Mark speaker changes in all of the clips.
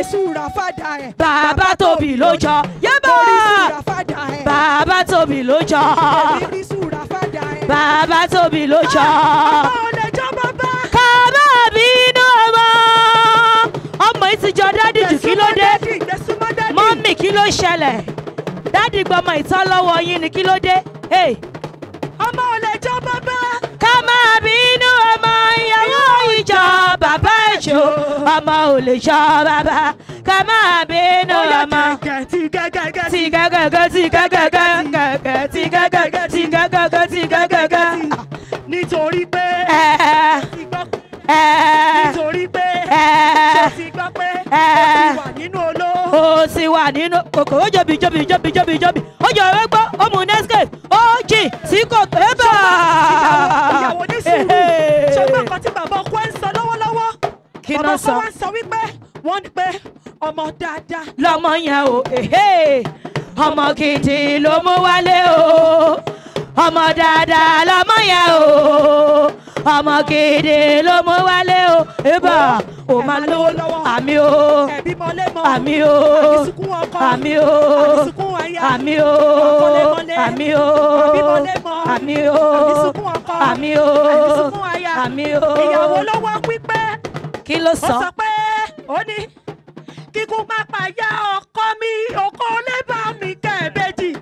Speaker 1: oríṣura
Speaker 2: fàdà ẹ̀. bàbá tóbi ló jọ yébà oríṣura fàdà ẹ̀. bàbá tóbi ló jọ. oríṣura fàdà ẹ̀. bàbá tóbi ló jọ. ọmọ olè jọ bàbá. kàbá mi inú ọmọ ọmọ yìí ti jọ dádì jù kí ló dé mọ́mì kí ló ṣẹlẹ̀ dádì gbọmọ ìtọ́ lọ́wọ́ yín ni kí ló dé. ọmọ olè jọ bàbá. ká bínú ìyàwó ìjọ bàbá ìṣó ọmọ ò lè ṣọ bàbá ká máa bínú ọmọ. tìgágàgà tìgágàgà tìgágàgà tìgágàgà tìgágàgà tìgágàgà. nítorí nítorí pé ṣé ti gbọ́ pé ó ti wà nínú oló. ó ti wà nínú kòkò ó jòbì jòbì jòbì jòbì jòbì ó jọ ewé gbọ́ ó mú nescape ó jì sí kòtò ébà. ìyàwó ní sùúrù ṣọgbọ́n kan tí bàbá ọkọ ẹ̀ ń sọ lọ́wọ́lọ́wọ́ bàbá ọkọ wa sọ wípé wọ́n ní pé ọmọ dáadáa. lọmọ yẹn o ọmọ gidi ló mú wálé o ọmọ dáadáa lọmọ yẹn o ọmọ gidi ló mú wálé o ibà ò máa lówó lọ́wọ́ àmì o àmì o àmì o àmì o àmì o àmì o àmì o àmì o. ìyàwó lọ́wọ́ pípẹ́ kí ló sọ ó sọ pé ó ní kíkú pápá yá ọkọ mi ọkọ lébà mi kẹ́ẹ̀bẹ́jì.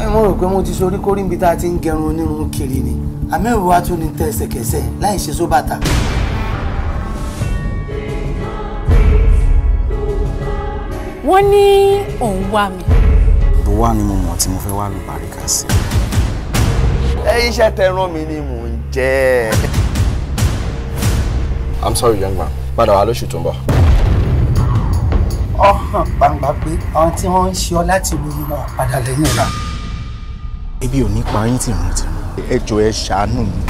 Speaker 3: ẹ mo rò pé mo ti sorí kórí níbi tá a ti ń gẹrun onírun kiri ni àmẹ́rù wa tún ní tẹ láì ṣe só bàtà.
Speaker 4: wọ́n ní òun wá mi.
Speaker 3: bó wá ni mo mọ̀ tí mo fẹ́ wá lù bàríkà sí.
Speaker 4: ẹ iṣẹ́ tẹ rán mi ni mò ń
Speaker 3: jẹ́.
Speaker 4: i'm sorry young man padà wá lóṣù tó ń bọ̀
Speaker 1: ọ̀hàn
Speaker 3: gbangba pé àwọn tí wọ́n ń ṣe ọ láti ìlú yìí wọ́n padà lẹ́yìn ọ̀la ebi
Speaker 4: ò ní pa yín tìrántìrán ẹ jọ̀ọ́ ẹ ṣàánú mi.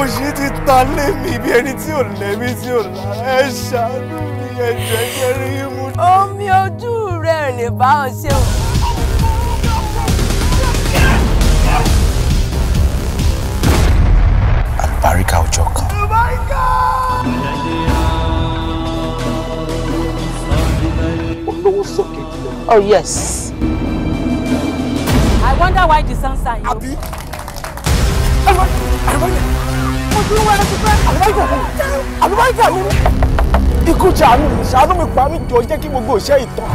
Speaker 4: òṣì ti ta lé mi bí ẹni tí ò lẹ́mí tí ò lá ẹ ṣàánú
Speaker 2: mi ẹ jọ̀ọ́ rí mú. omi ojú rẹ̀ lè bá ọ ṣe o.
Speaker 3: àlùbáríkà ọjọ́ kan. àlùbáríkà.
Speaker 5: Oh, yes.
Speaker 2: I wonder why the sun sign. Abi. Àlùbáyé àlùbáyé àlùbáyé
Speaker 6: ikú ṣàánú mi ṣàánú mi pa mí jọ jẹ́ kí gbogbo iṣẹ́ ìtàn.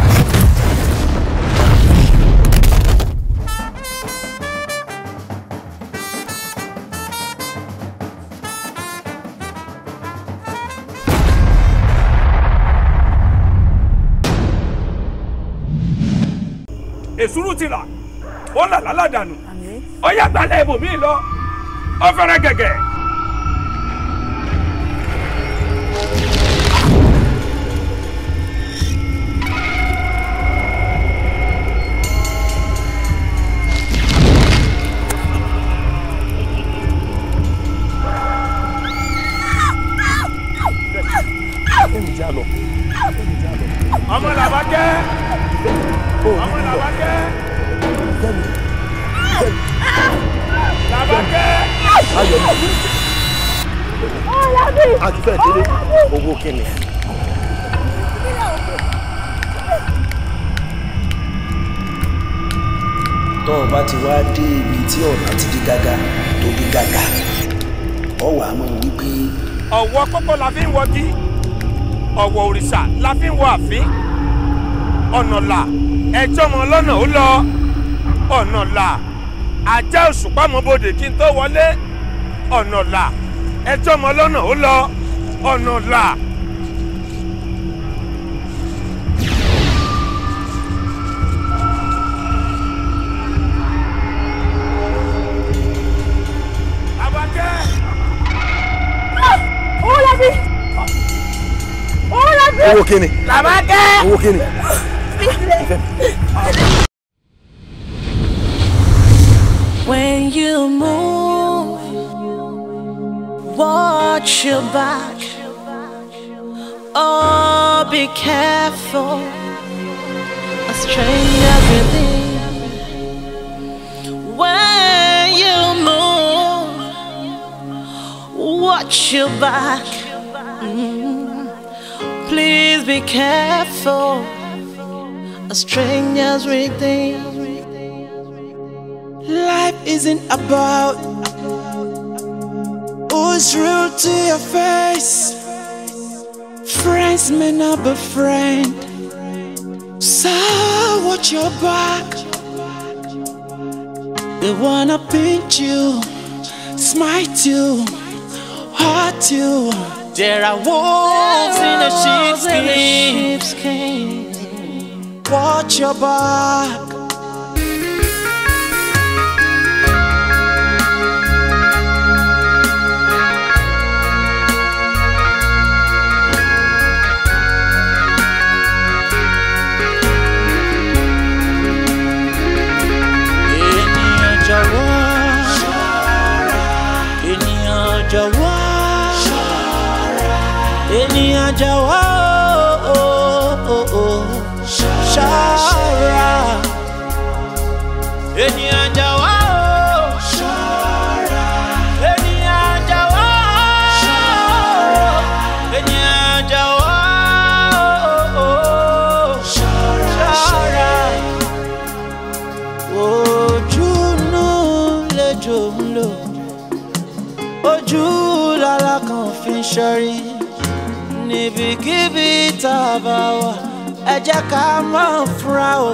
Speaker 3: aládànù ó yàgbà lẹ́ẹ̀bù mí lọ ó fẹ́rẹ́ gẹ̀gẹ̀. tí ọ̀nà ti di gágá tó di gágá ọwọ́ àmọ́ wípé. ọ̀wọ́ kókó la fi ń wọgi
Speaker 7: ọ̀wọ́ òrìṣà la fi ń wọ àfin ọ̀nà là ẹjọ́ mọ lọ́nà ó lọ ọ̀nà là ajá òṣùpá mọ bodè kí n tó wọlé ọ̀nà là ẹjọ́ mọ lọ́nà ó lọ ọ̀nà là.
Speaker 8: owó kíni.
Speaker 2: làbákẹ́. owó kíni.
Speaker 5: When you move, watch your back. Oh, be careful. A stranger within. When you move, watch your back please be careful. A stranger's reading.
Speaker 9: Life isn't about who's real to your face. Friends may not be friend. So watch your back. They wanna pinch you, smite you, hurt you. There are wolves in the sheep's cage. Watch your back. ènìyàn jà wá o. ṣọ́ra. ènìyàn jà wá o. ṣọ́ra. ènìyàn jà wá o. ṣọ́ra. ṣọ́ra. ojú inú lejò ń lò ojú ẹ jẹ́ ká máa fura o.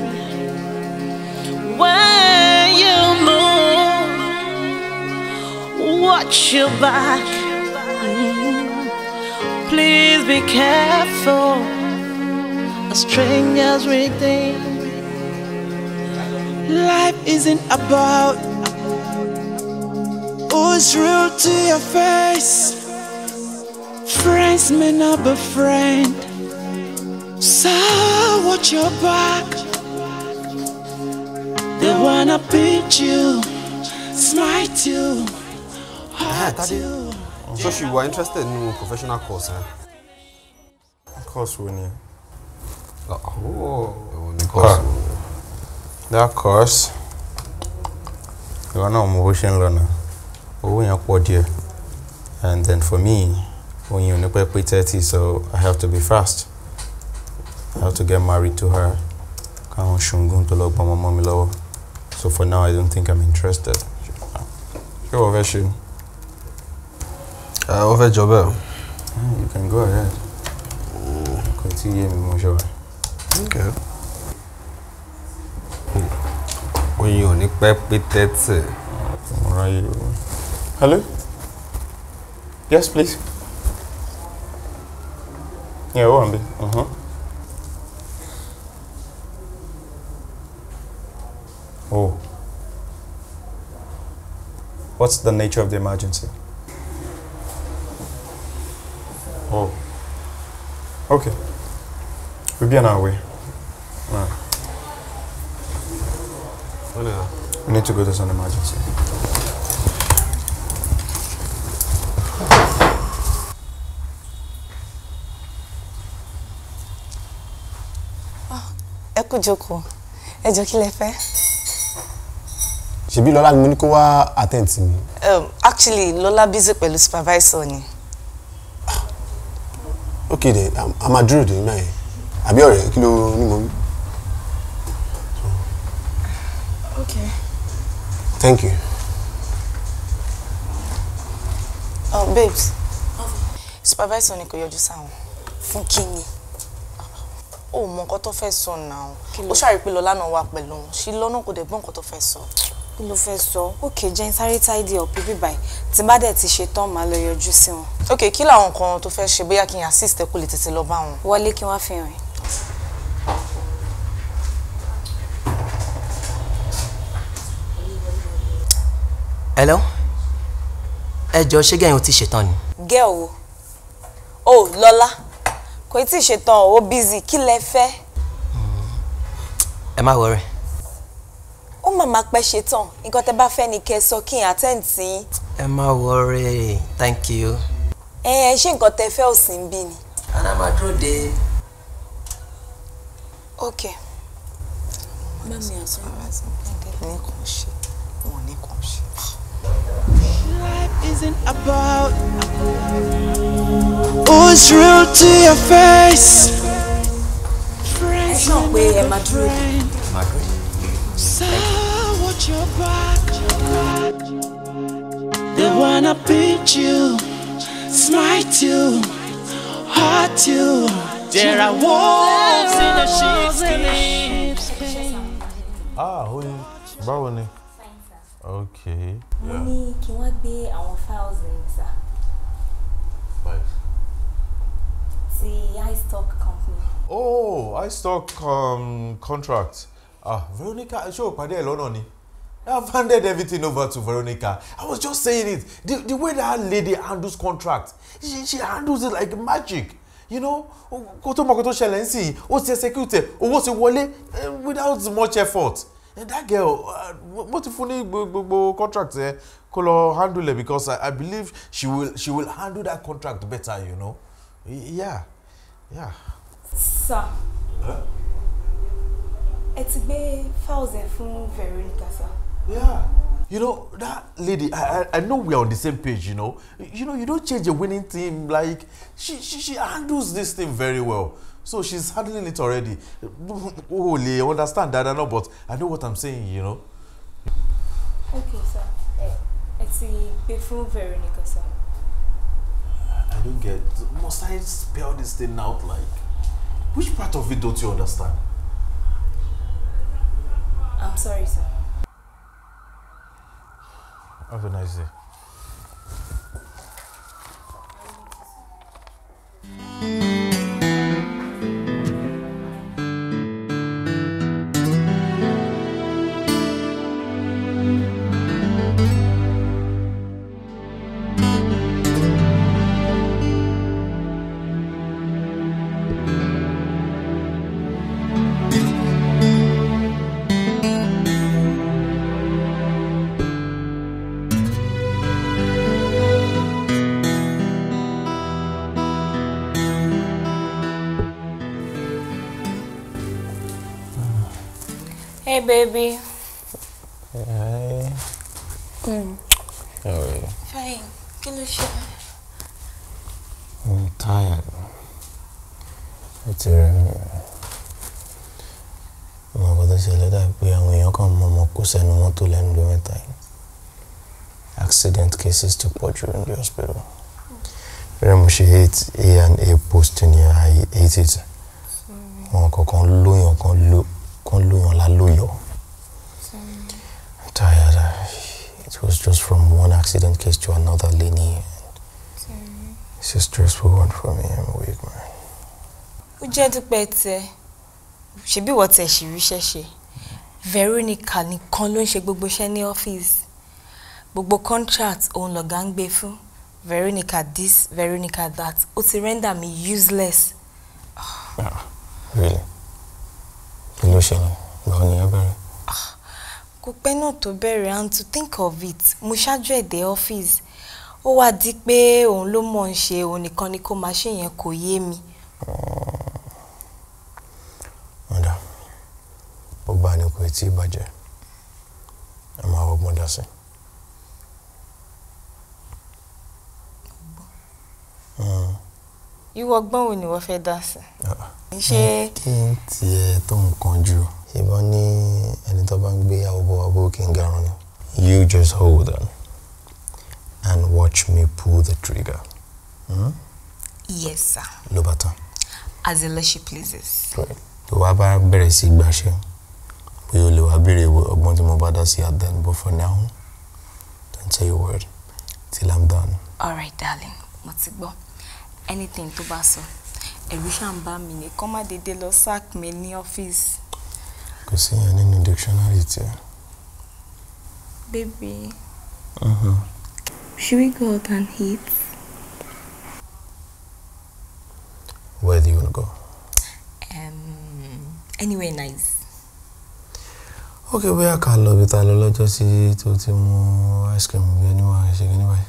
Speaker 5: when you move, watch your back. Please be careful.
Speaker 9: A stranger's reading. Life isn't about who's rude to your face. Friends may not be friend. So watch your back. They wanna beat you, smite you, hurt
Speaker 10: you. I'm sure you were interested in professional course, eh?
Speaker 7: Course, Winnie. Oh, oh, oh, oh
Speaker 6: course. That
Speaker 7: course. You are not a motion learner. Oh, you're quite dear. And then for me, when you're not 30, so I have to be fast. I have to get married to her. Can't shungun to look my mommy lower. So for now, I don't think I'm interested. Go over, Shin. Uh, over, Jobel. you can go ahead. Continue, Moshawa. Okay. When Oyin ò ní pẹ́ pé tẹ́tì. Hello? Yes, please. Yeah, ó níbí.
Speaker 4: Uh-huh. Oh. What's the nature of the emergency? Oh. Okay. We'll be on our way. Nah. We need to go to an emergency.
Speaker 11: Ah, ẹ kú jókòó. Ẹ
Speaker 4: ṣebí lọ́lá ni mo ní kó wá attend mi.
Speaker 11: Um, actually lọ́lá busy pẹ̀lú supervisor ni.
Speaker 4: ok then a máa dúró dè nígbà yẹn àbí ọ̀rẹ́ kí ló ní mo wí.
Speaker 11: ok. thank you. Oh, babes supervisor ni kò yọjú sáwọn fún kíni ó mọ nǹkan tó fẹ́ sọ náà ó ṣàrí pé lọ́lá náà wà pẹ̀lú òun ṣí lọ́nà kò dẹ̀ gbọ́ nǹkan tó fẹ́ sọ. So kí ló fẹ́ sọ òkè jẹ́ ń sáré tidy up bí báyìí tí bá dẹ̀ ti ṣe tán màá lọ yọjú sí wọn. ok kí làwọn nǹkan tó fẹ́ ṣe bóyá kí n assist ẹ kó lè tètè lọ bá wọn. wọlé kí
Speaker 12: wọ́n fi hàn
Speaker 2: hello ẹ jọ ṣé gẹ̀yìn o ti ṣetán ni.
Speaker 11: gẹ́ o o lọ́lá kò tí ì ṣetán o busy kí lẹ fẹ́. ẹ má wọrẹ ó mà máa pẹ́ ṣe tán nǹkan tẹ́ bá fẹ́ ni kẹ́ sọ kí n attend sí.
Speaker 9: ẹ má worry thank you.
Speaker 11: ẹ ẹ ṣé nǹkan tẹ́ fẹ́ ò sí ń bí ni.
Speaker 9: àná máa dúró de.
Speaker 11: ok. mami àtúntò ní kàn ṣe wọn ní kàn ṣe.
Speaker 9: Life isn't about who's real to your face. Ẹ ṣàn pé ẹ máa dúró
Speaker 13: de.
Speaker 9: Watch your They wanna beat you, smite you, hurt you.
Speaker 1: There are wolves in the sheep's
Speaker 6: Ah, who you? Báwo Okay. Mo
Speaker 11: ní kí wọ́n gbé àwọn files ní sá. Files. iStock company.
Speaker 6: Oh, iStock um, contract. Ah, Veronica, ṣé o pàdé ẹ lọ́nà ni? I have handed everything over to Veronica. I was just saying it. The, the way that lady handles contract, she, she handles it like magic. You know, kó tó mọ kó tó ṣẹlẹ̀ ń sìn, ó ti execute, owó ti wọlé eh, without much effort. And that girl, mo uh, ti fún ní gbogbo contract ẹ kó lọ handle it because I, I believe she will she will handle that contract better, you know. Yeah, yeah. Sir. Huh?
Speaker 11: ẹ ti gbé files fún Veronica sir. yeah
Speaker 6: you know that lady I, I i know we are on the same page you know you know you don't change a winning team like she she she handles this thing very well so she's handling it already holy oh, understand that i know but i know what i'm saying you know.
Speaker 11: okay sir ẹ ti gbé fún Veronica sir.
Speaker 6: i don't get must i spell this thing out like which part of it don't you understand. I'm sorry, sir. Have a nice day.
Speaker 11: Hey, baby.
Speaker 6: Hey. Mm. How oh, are you?
Speaker 11: Fine. Can ló
Speaker 1: ṣe?
Speaker 6: I'm tired. It's
Speaker 7: a. rẹ̀ mí. Mo kò tó ṣẹlẹ̀ dà pé àwọn èèyàn kan mọ ọmọ kó sẹ́nu mọ́tò lẹ́nu ló mẹ́ta yìí. Accident cases ti pọ̀ jù the hospital. Rẹ̀ mo ṣe hate A and A post ni I hate it. Wọn kọ̀ọ̀kan lóyún kan lóyún kan lóyún la lóyọ. tired. It was just from one accident case to another, Lenny. It's a stressful one for me. I'm weak, man.
Speaker 12: Ó
Speaker 11: jẹ́ dúpẹ́ tẹ, ṣebí ìwọ tẹ̀ ṣì ríṣẹ́ ṣe. Veronica nìkan ló ń ṣe gbogbo iṣẹ́ ní ọ́fíìsì. Gbogbo contract òun lọ̀gá ń gbé fún. Veronica this, Veronica that. Ó ti render me useless.
Speaker 7: Ah, really? kí ló ṣẹlẹ̀ báwo ni ẹ bẹ̀rẹ̀. Ah,
Speaker 11: kò pẹ́ náà tó bẹ̀rẹ̀ and to think of it mo ṣáájú ẹ̀dẹ̀ ọ́fíìsì ó wá di pé òun ló mọ̀ ń ṣe òun nìkan ni kó máa ṣe yẹn kò yé mi.
Speaker 7: ọ̀dà ó gbà ní kò tí ì bàjẹ́ ẹ máa wọgbọ́n dá sí
Speaker 11: i. wo ni wọ́n fẹ́ dá sí. Ah,
Speaker 7: ah ṣé. kí n tiẹ̀ tó nǹkan jù ìbọn ní ẹni tó bá ń gbé àwòbọ̀ àbò kí n garun ni. you just hold on and watch me pull the trigger. Hmm?
Speaker 11: yes sir. ló bá tán. as the lordship pleases.
Speaker 7: tó wá bá bẹ̀rẹ̀ sí gbàṣẹ bóyá o lè wá béèrè ọgbọ́n tí mo bá dá sí at then but for now don't say a word till i'm done.
Speaker 11: all right darling mo ti gbọ́ anything tó bá sọ. So ẹ̀rù ṣáà ń bá mi ní kọ́ má dédé lọ sack mi ní ọ́fíìsì.
Speaker 7: kò sí yẹn nínú dictionary tí baby. Uh-huh.
Speaker 11: should we go out and eat. where do you wanna go. Um, anywhere nice.
Speaker 7: Okay. bóyá ká lọ bí ta lọ lọ́jọ́ sí tó ti mú ice cream bí ẹni wàá ṣe kí ni báyìí.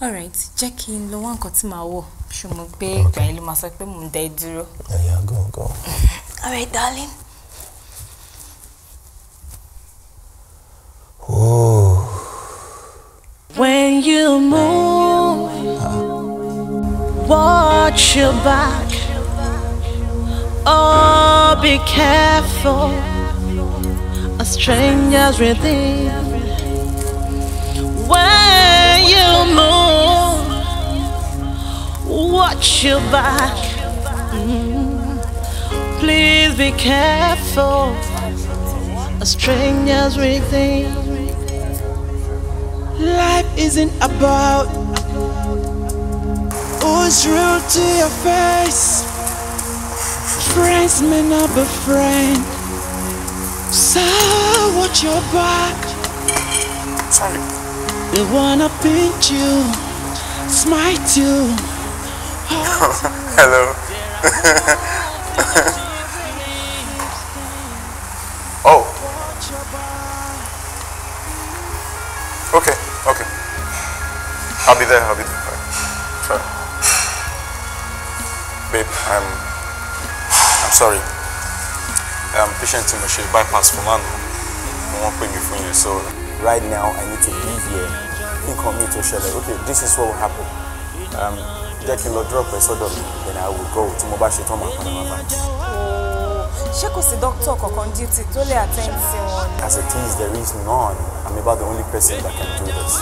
Speaker 11: all right jẹ́ kí n lọ wá nǹkan tí màá wọ̀. pé sọ pé mò dẹ dúró. all right darling.
Speaker 5: When you move, watch your back. Oh, be careful. A stranger's within. When you move watch your back. Mm.
Speaker 9: Please be careful.
Speaker 1: A stranger's within.
Speaker 9: Life isn't about who's rude to your face. Friends may not be friends. So watch your back. They wanna pinch you, smite you. Hello.
Speaker 4: oh. Okay, okay. I'll be there, I'll be there. Sorry. Babe, I'm I'm sorry. I'm patient machine bypass for man. I won't pay me for you, so right now I need to leave here. Think on me to share Okay, this is what will happen. Um jẹ́ kí n lọ drop ẹ sọ́dọ̀ mi then I will go tí mo bá ṣe tán màá padà wá báyìí.
Speaker 11: ṣé kò sí dókítà kankan duty tó lè attend sí wọn.
Speaker 4: as it is there is none I'm about the only person that can do this.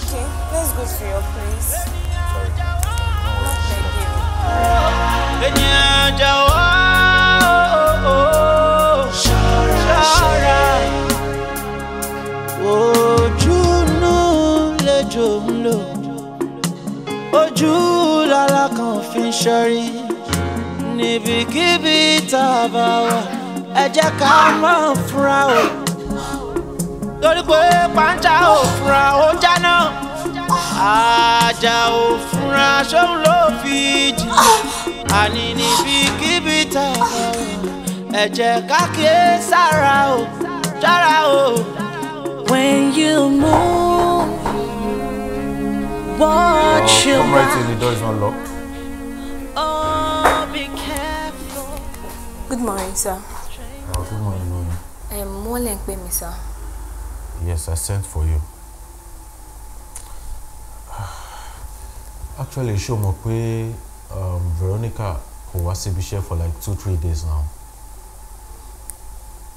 Speaker 11: okay let's go to your
Speaker 9: place. Ènìyàn jà wá ṣọ́ra ṣọ́ra ojú náà lẹ́jọ́ ń lò ojú lára kan fi ń ṣọ́rí níbikíbi tá a bá wà ẹ jẹ́ ká máa fura o torí pé pàǹtà ò fura ó jáná àjà ò fura ṣóun ló fi jì àní níbikíbi tá a bá wà ká kíyè sára o sára o. When you move.
Speaker 11: Watch i Come
Speaker 6: right in, the door is unlocked.
Speaker 11: Oh, be careful. Good morning, sir.
Speaker 6: Oh, good morning,
Speaker 11: I'm um, more pè mí, sir.
Speaker 6: Yes, I sent for you. Actually, I o my um, Veronica was wá síbi for like two, three days now.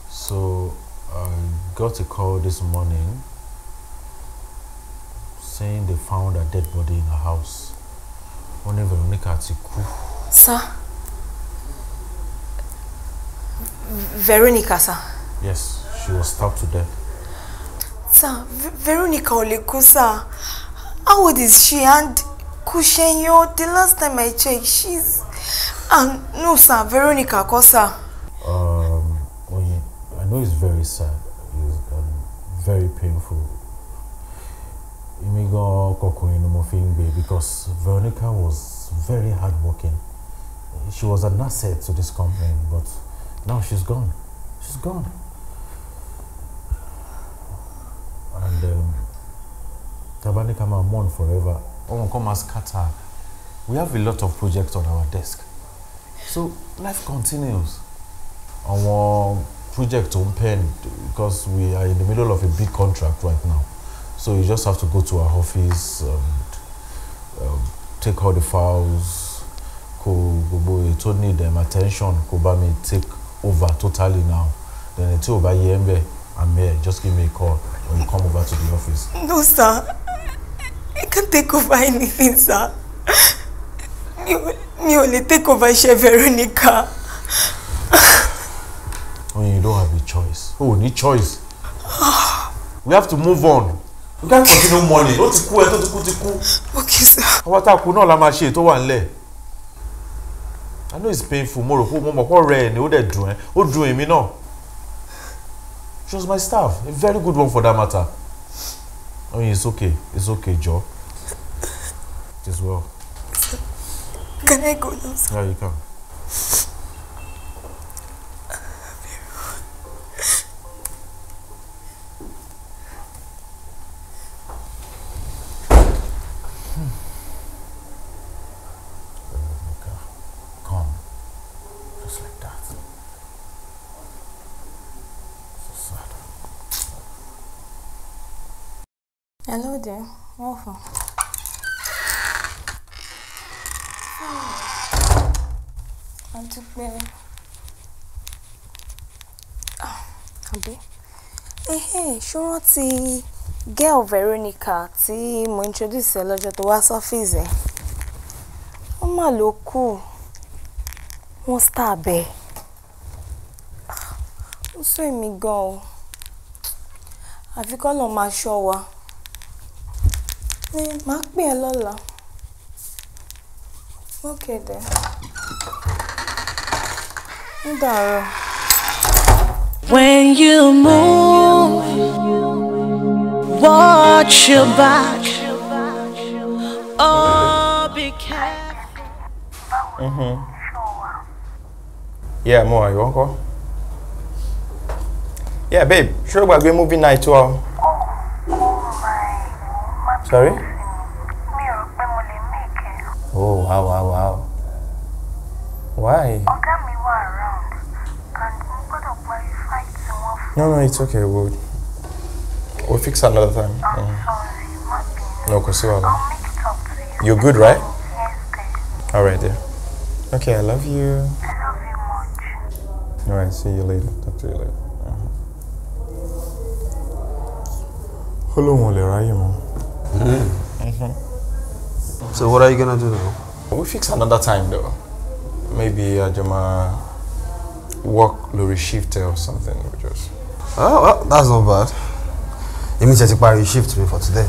Speaker 6: So I got a call this morning saying they found a dead body in a house. Only Veronica ti
Speaker 11: Sir? Veronica, sir?
Speaker 6: Yes, she was stabbed to death.
Speaker 11: Sir, Veronica Oleku, sir. How old is she? And Kushenyo, the last time I checked, she's... Um, no, sir, Veronica, ko,
Speaker 6: Um, I know it's very sad. It's um, very painful. èmi gan ọkọkùnrin ni mo fi because Veronica was very hardworking she was an asset to this company but now she's gone she's gone and um, tabanika ma mourn forever ọmọ kan ma scatter we have a lot of projects on our desk so life continues Our project tó ń pen because we are in the middle of a big contract right now. So you just have to go to our office and um, um, take all the files. Kò gbogbo need them attention kò bá mi take over totally now. Then ètò ò bá yẹ ẹ́ mbẹ́ I'm here just give me a call when you come over to the office.
Speaker 11: No sir, I can't take over anything sir. Mi ò lè take over Chef Veronica.
Speaker 6: I oh, you don't have a choice. Oh, need choice. we have to move on you can't continue mourning ó ti kú ẹ tó ti kú ti kú. okay sir. àwa tá a kú náà la máa ṣe ètò wà ńlẹ̀ i know it's painful mo rò pé mo mọ̀ pọ̀ rẹ̀ ni ó dẹ̀ dùn ẹ́ ó dùn èmi náà she was my staff a very good one for that matter I oh, mean it's okay it's okay jọ Just well.
Speaker 11: can I go now sir? yeah you can. de enfin. Artık benim. Àbí? Ehe, ṣó rántí girl Veronica tí mo introduce ẹ lọ́jọ́ tó wá o Wọ́n mà ló kù. Wọ́n star bẹ́ẹ̀. Ah, ó sún èmi gan o. Àfi kọ́ lọ́ọ́ máa ṣọ́ wa. lọ́la okay then
Speaker 5: When you move, watch your back. Oh, be careful.
Speaker 7: hmm
Speaker 4: Yeah, more. You want to go? Yeah, babe. Sure, we're going movie night, well. Sorry?
Speaker 7: Oh, wow, wow, wow. Why? Ọ̀gá
Speaker 4: No, no, it's okay. We'll, we'll fix another time. I'm mm.
Speaker 1: sorry,
Speaker 4: No, because you're you. are good, right? Yes, All right, dear. Yeah. Okay, I love you. I love you much. All right, see you later. Talk to you later. Olóhùn ò lè ráyè mọ́. Mm-hmm. So what are you gonna do now? We'll fix another time though. Maybe I just work lórí shift or something. We just. Oh, well, that's not
Speaker 10: bad. It means that you parí shift me for today.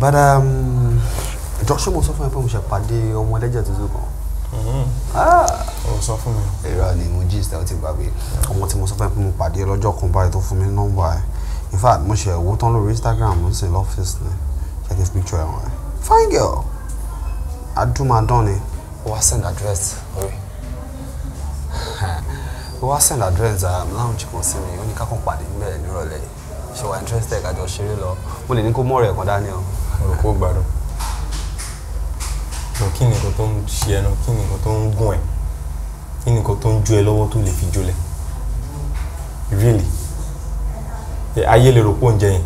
Speaker 10: But um, Joshua mo sọ fún mi pé mo ṣe pàdé ọmọ ẹlẹ́jẹ̀ tuntun kan. Ó mm-hmm. ah. sọ fún mi. Èrò ni mo gist ẹ̀ ó ti gbàgbé. Ọmọ tí mo sọ fún mi pé mo pàdé lọ́jọ́ kan báyìí In fact, mo ṣe ẹ̀wò tán lórí Instagram mo ń office lọ́fíìsì Take a picture wọn. Fine girl. Adumadon ni. Ó wá send address orí. Ó wá send address um, lounge kan sí mi. Ó ní ká kàn pàdé níbẹ̀ nírọ̀lẹ́ yìí. Ṣé wà interested ká jọ ṣeré lọ? Mo lè ní kó mọ̀rọ̀ ẹ̀kan dání o. Mo kó gbàdọ̀.
Speaker 4: Lọ kí ni nǹkan tó ń ṣe ẹnu? Kí ni nǹkan tó ń gún ẹ? Kí ni nǹkan tó ń jó ẹ lọ́wọ́ tó lè fi jólẹ̀? Really? Ayé lè rò pé oúnjẹ yẹn.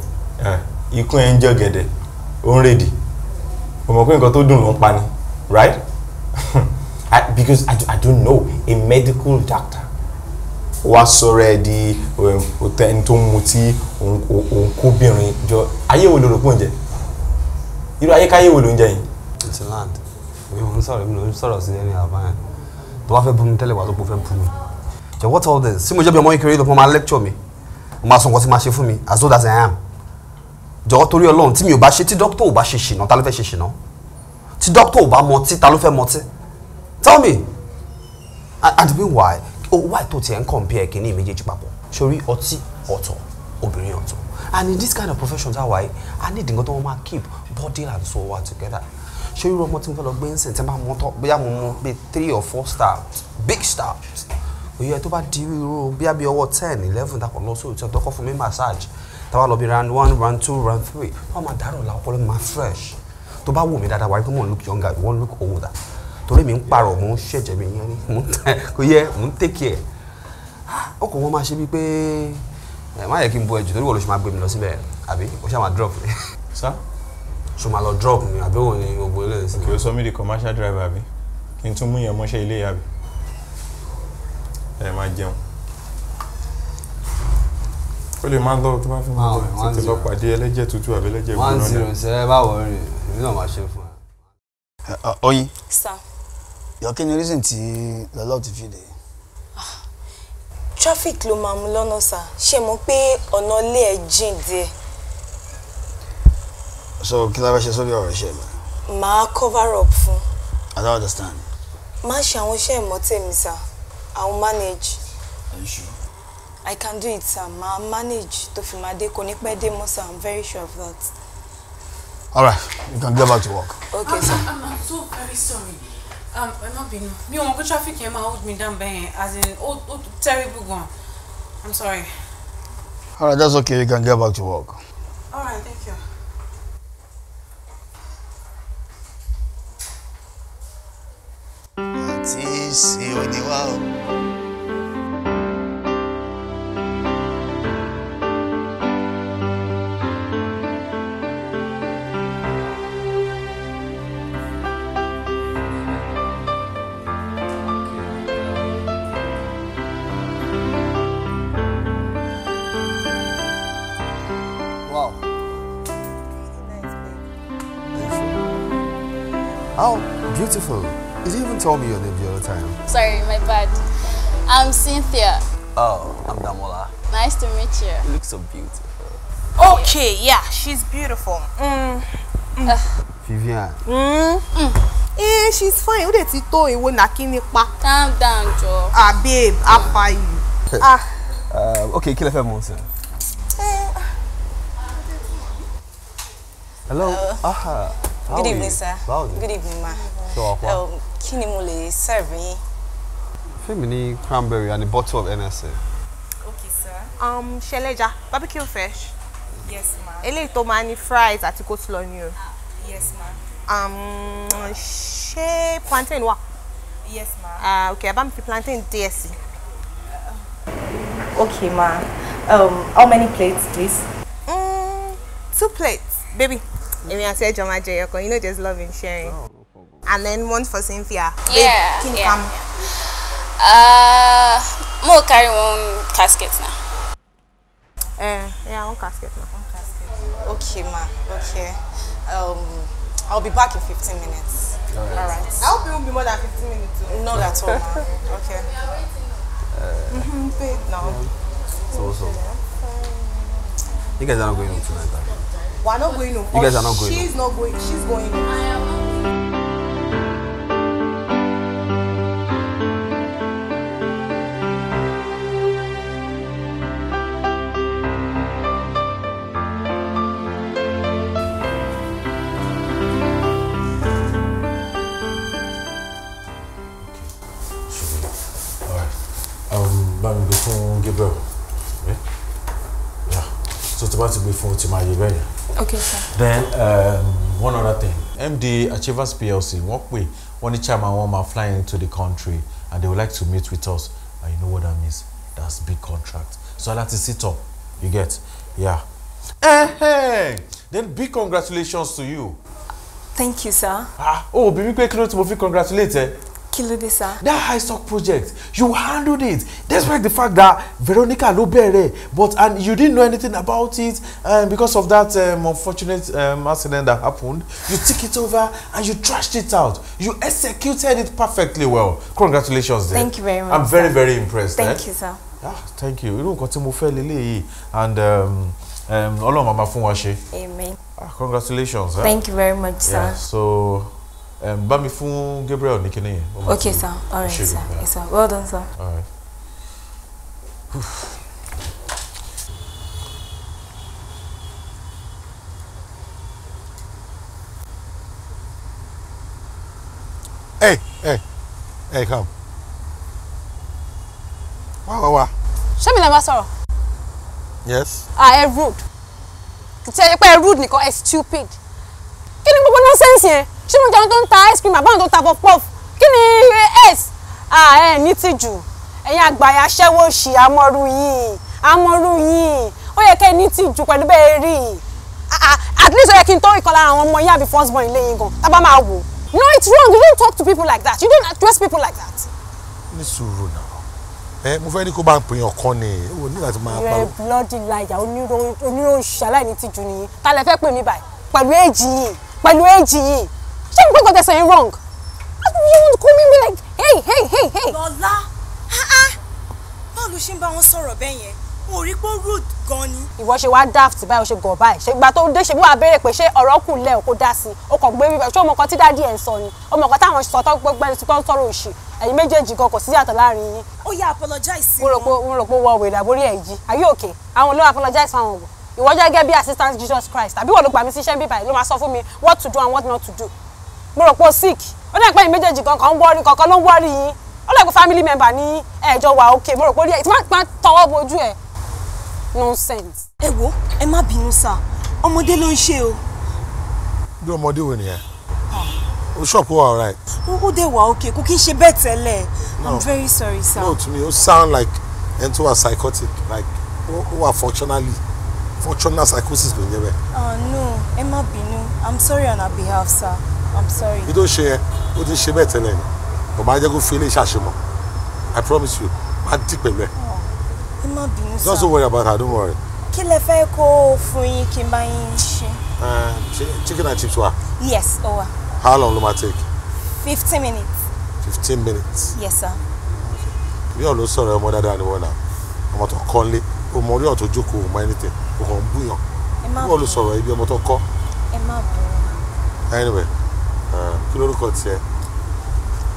Speaker 4: Ikú ẹ ń jẹ́ gẹ̀dẹ̀ ó ń rèdì o mọ̀ pé nǹkan tó dùn ló ń pa ni right I, because I, I don't know a medical doctor wá sọ̀rọ̀ ẹ̀ di um, ẹni tó ń mutí òun kóbìnrin jọ ayé wo ló rò pọ̀ ń jẹ irú ayékáyé wo ló ń jẹ yìí.
Speaker 10: it's land mi ò ń sọ̀rọ̀ mi ò ń sọ̀rọ̀ sí ẹni àbáyẹn tó bá fẹ́ bú mi tẹ́lẹ̀ wà tó kó fẹ́ bú mi jọ what's all this sí mo jẹ́ bí ọmọ kékeré lọ́pọ̀ máa lecture mi mo máa sọ nǹkan tí máa ṣe fún mi as old as I am jọ̀ọ́ torí Ọlọ́run tí mi ò bá ṣe tí dókítà ò bá ṣe ṣìnà ta ló fẹ́ ṣe ṣìnà tí dókítà ò bá mọtí ta ló fẹ́ mọtí tell me and meanwhile why tó tiẹ̀ ń compare kìíní méjèèjì papọ̀ sórí ọtí ọ̀tọ̀ obìnrin ọ̀tọ̀ and in this kind of profession tá a i need nǹkan tó wọ́n máa keep body and soul wa together ṣé irú ọmọ tí mo fẹ́ lọ gbé ń sìn tí máa mọ́tọ́ bóyá mo mú bíi three or four stars big stars òye tó bá di irú bíi ọwọ́ ten eleven dàpọ̀ lọ sóòtú ọ̀tọ̀ kọ́ fún mi massage táwa lọ bí round one round two round three wọ́n máa dárò la ọpọlọ máa fresh tó bá wù mí dáadáa wáyé pé mò ń look younger you wan look older torí mi ń parọ̀ mò ń ṣẹ̀jẹ̀ mi yẹn ni kò yẹ mò ń take care ah, ó kò wọ́n máa ṣe bíi pé ẹ eh, má yẹ kí n bọ ẹjù torí wọ́n ló ṣe máa gbé mi lọ síbẹ̀ àbí ó ṣe máa drop mi. sá. ṣo máa lọ drop mi àbí òun ni gbogbo
Speaker 4: ilé ìsìn. kì í sọ mí di commercial driver àbí kí n tún mú yẹn mọ́ṣẹ́ ilé yàbí ẹ máa jẹun ó lè máa lọ tó bá fẹ́ máa lọ ah, tètè lọ pàdé ẹlẹ́jẹ̀ tútù àbí ẹlẹ́jẹ̀ gbóná náà. one zero ṣe báwo rè èmi náà máa ṣe fún ẹ. oyin
Speaker 8: yọkí ni reason tí lọlọ ti fi dé. Ah,
Speaker 11: traffic ló máa mú lọ́nà sá ṣe mọ̀ pé ọ̀nà ilé ẹ̀ jìn díẹ̀.
Speaker 8: so kí la fẹ́ ṣe sórí ọ̀rọ̀ iṣẹ́ mi.
Speaker 11: màá cover up fún.
Speaker 8: i don't understand.
Speaker 11: má ṣe àwọn iṣẹ́ ìmọ̀tẹ́mi sá i manage. are you sure? I can do it sir ma manage to film a day, kò ní pẹ́ dé sir I'm very sure of that.
Speaker 8: all right you can get back to work.
Speaker 5: okay I'm, sir. I'm, I'm so very sorry um, I'm not being. mi ò mọ̀ traffic yẹn máa hold me down bẹ́ẹ̀ as in old, ó terrible one. I'm sorry.
Speaker 8: all right that's okay you can get back to work.
Speaker 5: all right thank you.
Speaker 8: àti ṣe òníwá o.
Speaker 10: beautiful. Did you even tell me your name the other time?
Speaker 11: Sorry, my bad. I'm Cynthia.
Speaker 10: Oh, I'm Damola.
Speaker 11: Nice to meet you.
Speaker 10: You look so beautiful.
Speaker 11: Okay, yeah, she's beautiful. Mm. Mm. Vivian. Mm. Mm. Eh, she's fine. Ó dẹ̀ ti tó èwo ná kí nípa. Calm down, Joe. Ah, babe, how far you?
Speaker 10: Ah. Uh, okay, kí lẹ fẹ́ mú sìn. Eh. Hello. Hello. Uh. Aha. Good evening, sir. Báwo ni? Good evening, ma. Ṣé wàá pa?
Speaker 11: Kí ni serve yín?
Speaker 10: Fíìmù ní cranberry and a bottle of NSA.
Speaker 11: Okay, sir. Um, ṣẹlẹ́ja, barbecue fish. Yes, ma. Eléyìí tó máa ní fries at the tún lọ ní Yes, ma. Um, ṣé plantain what? Yes, ma. Uh, okay, ẹ bá mi plantain díẹ̀ Okay, ma. Um, how many plates, please?
Speaker 1: Mm,
Speaker 11: two plates, baby èmi àti ẹjọ máa jẹ ẹyọkan you know there's love in sharing oh, no and then one for Cynthia. yeah Babe, yeah, yeah. Uh, more carry one casket now. Uh, yeah, one casket now. One casket. Okay, ma. Okay. Um, I'll be back in 15 minutes. All right. All right. I hope it won't be more than 15 minutes. Too. Not at all, ma. Okay.
Speaker 1: Uh, mm-hmm, babe, now. So, so.
Speaker 10: You guys are not going home tonight, are
Speaker 11: We not going home. You guys oh, are not going. She's not going. She's going home. I am.
Speaker 6: Um, Gabriel. Eh? Yeah. So, tí bá ti gbé fún ọ, ti máa yé Okay, sir. Then um, one other thing, MD Achievers PLC, wọ́n pè wọ́n ní chairman wọn máa fly into the country and they would like to meet with us and uh, you know what that means? That's big contract. So I like to sit up, you get? Yeah. Eh, eh. Then big congratulations to you.
Speaker 11: Thank you, sir.
Speaker 6: Ah, oh, bí mi pé ti mo fi congratulate Eh? kí ló dé sá. that high stock project you handled it despite the fact that Veronica ló bẹ̀rẹ̀ but and you didn't know anything about it um, because of that um, unfortunate um, accident that happened you took it over and you trashed it out you executed it perfectly well congratulations there. thank you very much i'm very sir. very impressed. Eh? thank eh? you sir. ah thank you irú nǹkan tí mo fẹ́ lélẹ́yìí and um, um, ọlọ́run máa fún wa ṣe. amen. ah congratulations. Eh? thank you very much sir. Yeah, so um, bá mi fún Gabriel ní kíní yẹn. ok sir all right sir yes sir well done sir. All right.
Speaker 13: Hey, hey, hey, come. Wá wá wá.
Speaker 11: Ṣé mi lè bá sọ̀rọ̀? Yes. Ah, ẹ rude. Ṣé ẹ pé ẹ rude nìkan ẹ stupid. Kí ni gbogbo nọ́sẹ̀nsì yẹn? ṣé mo jẹun tó ń ta ice cream àbáwọn tó ń ta pọfupọf kí ni ace ẹ ní tìjú ẹ̀yin àgbàyà aṣẹ́wó ṣì amọ̀rú yìí amọ̀rú yìí ó yẹ kẹ́ ẹ ní tìjú pẹ̀lú bẹ́ẹ̀ rí at least ó yẹ kí n tó ìkan àwọn ọmọ yín àbí first born ilé yín gan tábà máa wò no it's wrong you don't talk to people like that you don't address people like that.
Speaker 13: ní sùúrù náà ẹ mo fẹ́ ní kó bá ń pè yàn kan ni o ní láti máa pa o.
Speaker 11: bloody liar oníròṣà láì ní tìjú nìyí ta lẹ fẹ́ pè mí báyìí pẹ̀lú èjì yìí pẹ̀lú èjì yìí ṣé nǹkan kan tẹ̀sán yẹn wrong you want to call me like hey hey hey hey. Lola, lọ́lá bọ́ọ̀lù ṣe ń bá wọn sọ̀rọ̀ bẹ́ẹ̀ yẹn mo rí pé rude gan ni. ìwọ ṣe wá daft báyìí o ṣe gọ̀ báyìí ṣègbà tó dé ṣe bí wàá béèrè pé ṣé ọ̀rọ̀ kù lẹ́ o kò dá sí i o kàn gbé bíbẹ̀ ṣé ọmọ kan tí dáàdi ẹ̀ ń sọ ni ọmọ kan táwọn sọ tó gbẹgbẹ́ ní tó ń sọ̀rọ̀ òṣì ẹ̀yin méjèèjì gan kò sí yàtọ̀ láàrin yín. ó yá apologize sí wọn. mo rò pé wọ wèrè àbórí ẹ̀ yìí are you okay àwọn ló apologize fáwọn ògùn ìwọ jẹ́ gẹ́gẹ́ bí assistant Jesus Christ àbí wọ́n ló gbà mí síṣẹ́ bíbáyìí ló máa sọ fún mi what to do and what not to do mo rò pé o sick ó dẹ̀ pé ẹ̀yin méjèèjì kankan ń wọ́rí kankan ló ń wọ́rí yín ó lè family member ní ẹ̀jọ̀ wà òkè mo rò pé ó rí ẹ̀ tí wọ́n máa tọwọ́ bojú ẹ̀ nonsense. ẹ wo ẹ má bínú sá ọmọdé ló ń ṣe o.
Speaker 13: bí ọmọdé wo nìyẹn ah. o ṣọ́ọ̀pù wa ọ̀rá ẹ̀. ó dẹ̀ wà òkè kò kí n ṣe bẹ́ẹ̀ tẹ́lẹ̀ i'm very sorry sir. no to me o sound like ẹni a psychotic like ó wà fortunately, functional psychosis ló ń yẹ bẹ́ẹ̀.
Speaker 11: ah no ẹ má bínú i'm sorry on her behalf sir i'm sorry.
Speaker 13: You don't share. yẹn ó ti ṣe bẹ́ẹ̀ tẹ́lẹ̀ ni mo máa jẹ́ kó fi ilé iṣẹ́ àṣemọ́ i promise you máa dì pẹ̀lú ẹ̀. Oh,
Speaker 11: ẹ má bínú sá just worry
Speaker 13: about her don't worry.
Speaker 11: kí lẹ fẹ́ kó fún yín kí n bá yín ṣe.
Speaker 13: Eh, chicken and chips wa.
Speaker 11: yes ó wà.
Speaker 13: how long ló máa take.
Speaker 11: fifteen minutes.
Speaker 13: fifteen minutes. yes sir. bí ọ̀ ló sọ̀rọ̀ ọmọ dáadáa ni wọ́n náà ọmọ tó kọ́ lé o mọ orí ọ̀tọ̀ jókòó o mọ anything o kàn ń búyàn
Speaker 11: bí ọ̀ ló sọ̀rọ̀ ibi ọmọ tó kọ́. ẹ má bọ̀.
Speaker 13: anyway kí lórúkọ tiẹ̀.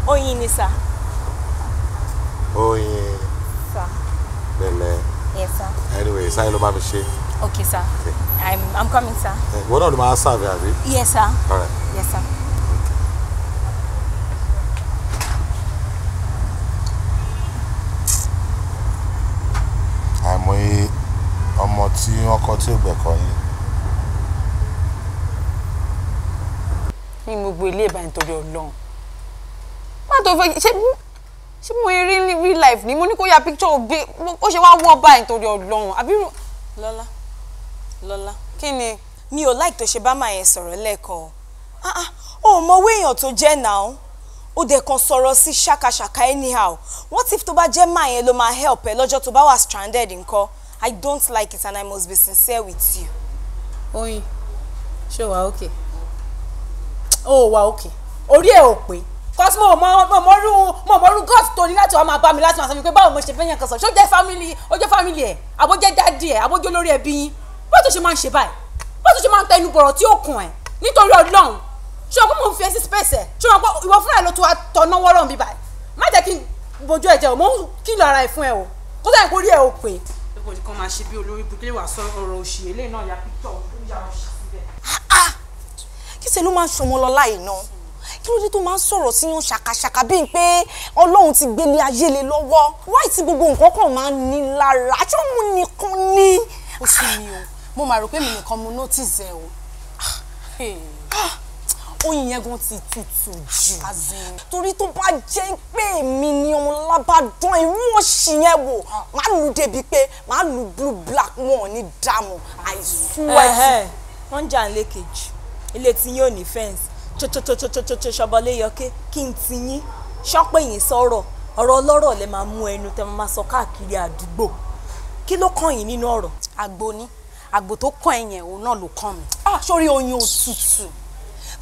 Speaker 11: oyin ni sà.
Speaker 13: oyin. sà. bẹ̀lẹ̀. yes sir. anyway sáyé ló bá mi ṣe. okay sir okay.
Speaker 11: i'm i'm coming sir.
Speaker 13: Eh, wọ́n náà ló máa ṣàbẹ̀ àbí. yes sir. all right. yes sir. àìmọye ọmọ tí wọn kọ tí ò gbẹkọ
Speaker 1: yìí
Speaker 12: ní gbogbo ilé
Speaker 11: ìbáyìí nítorí ọlọ́run má tó fẹ́ ṣe ṣé mo rí ní real life ni mo ní kó ya picture ògbé ó ṣe wá wọ́ báyìí nítorí ọlọ́run àbí. lọ́lá lọ́lá kí ni. mi ò láì tó ṣe bá màá yẹn sọ̀rọ̀ lẹ́ẹ̀kan ah, ah, o ò mọ owó èèyàn tó jẹ́ náà ó dẹ̀ kan sọ̀rọ̀ sí ṣàkàṣàkà anyhow what if tó bá jẹ́ máa yẹn ló máa help ẹ lọ́jọ́ tó bá wà stranded ńkọ́ I don't like it and I must be sincere with you. oyin ṣé wàá okay o wà òkè orí ẹ̀ ò pé cos mo mọ mo mọ rú mo mọ rú god tó ní láti wàá máa bá mi láti máa sọ mi pé báwo mo ṣe fẹ́yàn kan sọ ṣó jẹ́ family ó jẹ́ family ẹ̀ àbójẹ́ dáàdì ẹ̀ àbójẹ́ olórí ẹbí yín bó tó ṣe máa ń ṣe báyìí bó tó ṣe máa ń tẹnu bọ̀rọ̀ tí ó kàn ẹ̀ nítorí ọlọ́run ṣé o kó mo ń fi ẹ sí space ẹ̀ ṣé o kó ìwọ fúnra ẹ̀ ló tó wa tọ̀nà wọ́rọ̀ mi báyìí má jẹ́ kí n bojú ẹ̀jẹ̀ o mo ń kìlọ̀ ara ẹ̀ fún ẹ o kó sáyẹn kó rí ẹ o pé. ẹ kò ní kàn máa ṣe bí olórí bukile wàá sọ ọ̀rọ̀ òṣì kíṣe ló máa ń ṣọmọ lọ láì ná kí ló dé tó máa ń sọ̀rọ̀ sí yan ṣàkàṣàkà bíi pé ọlọ́run ti gbélé ayé lé lọ́wọ́ wáì tí gbogbo nǹkan kan máa ń ní lára aṣọ mu nìkan ni. ó sì ni o mo máa rò pé mi nìkan mo notice ẹ o ah, oyin yẹn gan ti tutù jù torí tó bá jẹ́ pé mi ni ọmọ lábàdàn irú òṣì yẹn wò ah. máa lù débi pé máa lù blue black wọn ní dààmú àìsúwẹ́tì. wọ́n ń jà ń lékejì ilé tí yín ò ní fẹ́ǹsì tsotsotsotsotso ṣọbọlé yọké kí n ti yín ṣọ́pẹ́ yín sọ̀rọ̀ ọ̀rọ̀ ọlọ́rọ̀ lẹ máa mú ẹnu tẹ máa sọ káàkiri àdúgbò kí ló kàn yín nínú ọ̀rọ̀. àgbo ni àgbo tó kàn ẹ̀yìn òun náà ló kàn mí. ah sórí oyin òtútù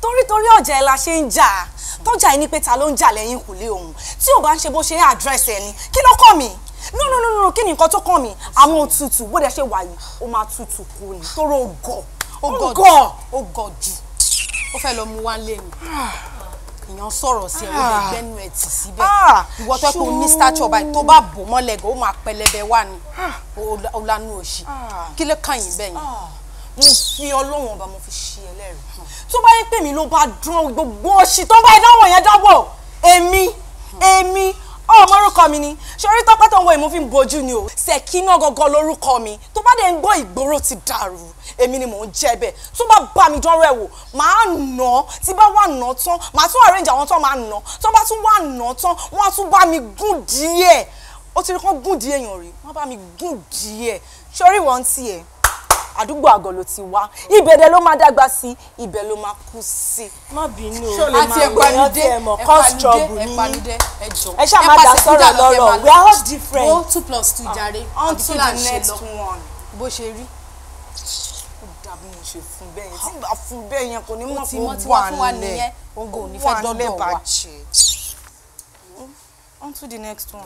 Speaker 11: torí torí ọjà ẹ la ṣe ń jà á tọ́jà ẹ ní pé ta ló ń jà lẹ́yìn kùlé òun tí ò bá ń ṣe bó ṣe àdírẹ́sì ẹni kí ló kàn mí no no no no kí ni nǹkan tó kàn mí àwọn òtútù bó dẹ ṣe wà yìí ó máa tutù kú ni tóró gọ̀ọ́ ó gọ̀ ó gọ̀ jù ó fẹ́ lọ mú wá lé mi èèyàn sọ̀rọ̀ sí ẹ̀rọ ìgbẹ́nu ah. ẹ̀ tì síbẹ̀ ah. ìwọ tó kún ní stature báyìí tó bá bò mọ́lẹ̀ gan ó máa pẹlẹbẹ wà ní ọ̀lànà òṣì ah. kí ló kàn yín bẹ́yìn mo fi ọlọ́run ọba mo fi ṣe ẹlẹ́rìí hmm. tó bá yẹ pé mi ló bá dán gbogbo òṣì tó bá ìdánwò yẹn dábọ̀ èmi èmi ọmọ orúkọ mi ni ṣorí tọpẹ́ tó ń wọ ìmúfin bojú ni o ṣèkínà gọgọ lórúkọ mi tó bá dẹ̀ ń gbọ́ ìgboro ti dàrú èmi ni mò ń jẹ́ bẹ́ẹ̀ tó bá bá mi dánrọ́ wò màá nà tí bá wà nà tán màá tún arrange àwọn tán màá nà tó bá tún wà nà tán wọ́n á tún bá mi gùn díẹ̀ ó ti rí kán gùn díẹ̀ yàn rí wọ́n bá mi gùn díẹ̀ sórí wọn ti ẹ̀ àdúgbò àgọ́ ló ti wá ibẹ̀ dẹ̀ ló máa dàgbà sí ibẹ̀ ló máa kú sí. má bínú o àti ẹ̀pàlùdé ẹ̀pàlùdé ẹ̀jọ̀ ẹ ṣáà má dá sọ̀rọ̀ lọ́rọ̀ we are all different. go two
Speaker 1: plus two jàre. on to the next one. bó ṣe rí
Speaker 11: bí mo ṣe fún bẹ́ẹ̀ yẹn tí n bá fún bẹ́ẹ̀ yẹn kò ní mọ̀ kó wà nílẹ̀ wà nílẹ̀ bàjẹ́. on to the next one.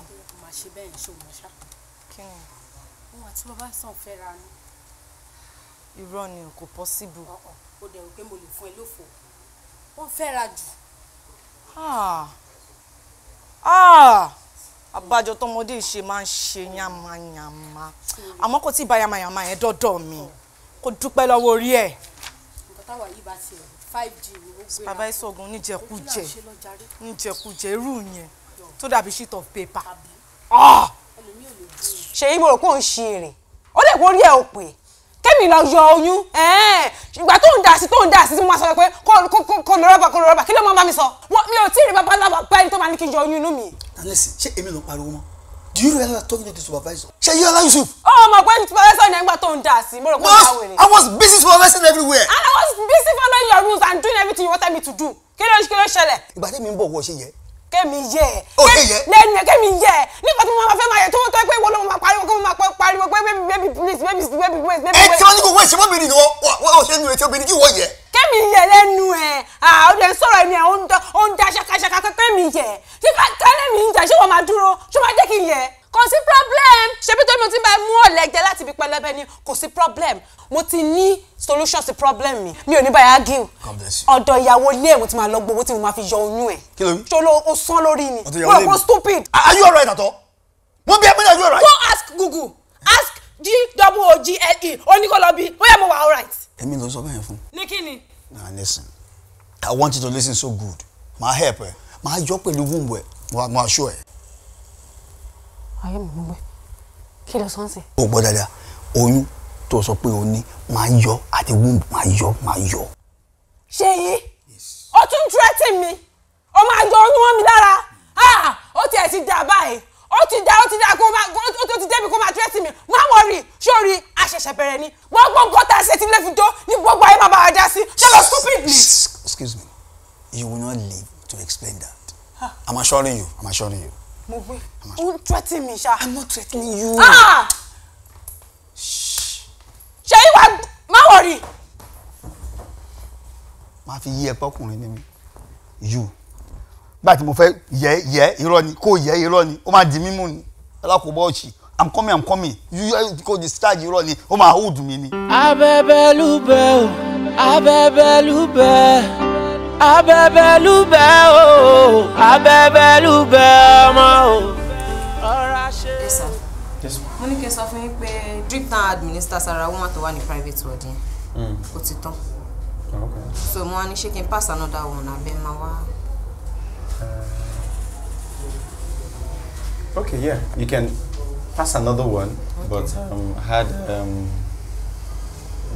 Speaker 11: kí ni. òun àti bàbá sàn fẹ́ ni. irọ́ ni kò possible. o dẹ̀ pé mo lè fún ẹ lófo wọ́n fẹ́ jù. àbájọ ah! ah! tọmọdé ṣe máa ń ṣe yàmàyàmà àmọ́ kò tí ì bá yàmàyàmà yẹn dọ́dọ̀ mi. Oh kó dúpẹ́ lọ́wọ́ orí ẹ̀. nǹkan táwa yìí bá ti rẹ̀ five g ni ó gbéra. supervisor ogun níjẹkújẹ níjẹkújẹ irú yẹn tó dàbí sheet of paper. Ah! E. ṣèyí mo rò pé òun ṣe èrè ó lè wọ́n rí ẹ̀ ò pè kémi lọ yọ oyún ìgbà tó ń dà sí tó ń dà sí tí mo máa sọ pé kò lọ rọ́bà kò lọ rọ́bà kí ló máa bá mi sọ mi ò tí ì rí babaláwa bá ẹni tó máa ní kí n yọ oyún inú mi. tanisi ṣé
Speaker 8: èmi ló pariwo mọ́
Speaker 11: do you realize I'm talking to the supervisor? Shall you allow Yusuf. ọ mọ̀ pé supervisor ni ẹgbà tó to dà sí I was busy supervising everywhere. and I was busy following your rules and doing everything you wanted me to do. kí ló kí ló ṣẹlẹ̀. ìgbà tí mi ń bọ̀ wọ ṣe yẹ kémi yẹ ẹ lẹ́nu ẹ kémi yẹ ẹ nípa tí mo máa fẹ́ máa yẹ tó tó pé wọ́n ló máa pariwo kó máa pariwo pé baby baby please baby baby wait baby wait. ẹ tí wọ́n ní kò wọ́n ṣe wọ́n
Speaker 8: bìnrin ni wọ́n wọ́n ṣe nu etí obìnrin kí wọ́n
Speaker 2: yẹ. kémi yẹ lẹ́nu ẹ ó lè sọ̀rọ̀ ẹni ẹ ó ń da ṣakaṣaka kémi yẹ kí kálẹ̀ mi ń jà ṣé wọ́n máa dúró ṣé wọ́n máa jẹ́ kí n yẹ
Speaker 11: kò sí problem ṣebí tó mo ti bá mú ọ̀lẹ́jẹ́ láti ibi pẹlẹbẹ ni kò sí problem mo ti ní solution sí problem mi mi ò ní báyà gíw ọ̀dọ̀ ìyàwó ilé ìwé tí màá lọ gbowó tí mo máa fi yọ oyún ẹ̀ ṣolo o sán lórí ni wọ́n kò stupid. are you alright at all?
Speaker 2: wọ́n bí ẹ pé are you alright? go ask google ask g-w-o-g-l-e oníkọlọbi bóyá mo wà alright.
Speaker 8: èmi ló sọ bẹ́ẹ̀ fún. ní kí ni. na listen i want you to listen so good ma help ẹ ma jọ pẹ̀lú wúwo ẹ mo assure ẹ
Speaker 10: ayé mi gbogbo kí ló sọ ń sìn.
Speaker 8: o gbọ́ dáadáa oyún tó sọ pé o ní máa yọ àti womb máa yọ máa yọ.
Speaker 2: ṣèyí ó tún tírẹ́tì mi ó máa yọ oyún mọ́ mi lára ó ah, tiẹ̀ ti dà báyìí ó ti dá ó ti
Speaker 11: dá kó máa ó tó ti débi kó máa tírẹ́tì mi má wọ rí sórí àṣẹ̀ṣẹ̀ bẹ̀rẹ̀ ni wọ́n gbọ́ gọ́tà ṣe ti lè fi dó ní gbogbo ayé máa wa dá sí ṣé lọ stupid ni.
Speaker 8: excuse me you will not live to explain that huh. i'm assuring you i'm assuring you
Speaker 11: mo gbé threaten me ṣá. i'm not threatening you. ah ṣe ìwà
Speaker 8: má wọrí. Ma fi yí ẹ pọkùnrin ni mi you gbà tí mo fẹ́ yẹ yẹ irọ́ ni kò yẹ irọ́ ni ó máa di mímú ni alákòóbọ̀ ọ̀sì i'm coming i'm coming you kò discharge irọ́ ni ó máa hold mi ni. abẹ́bẹ́ lúbẹ́ o abẹ́bẹ́ lúbẹ́ abẹ́bẹ́lúbẹ́
Speaker 9: o abẹ́bẹ́lúbẹ́ ọmọ o.
Speaker 12: ẹ̀sà mo ní
Speaker 11: kí n sọ fún yín pé drip tan administer sára woman tó wà ní private ward yẹn
Speaker 4: hmm. ó ti tán
Speaker 11: so mo wá ní ṣé kí n pass another one abẹ́ máa wá. Uh,
Speaker 4: okay, yeah, you can pass another one, okay. but um, add um,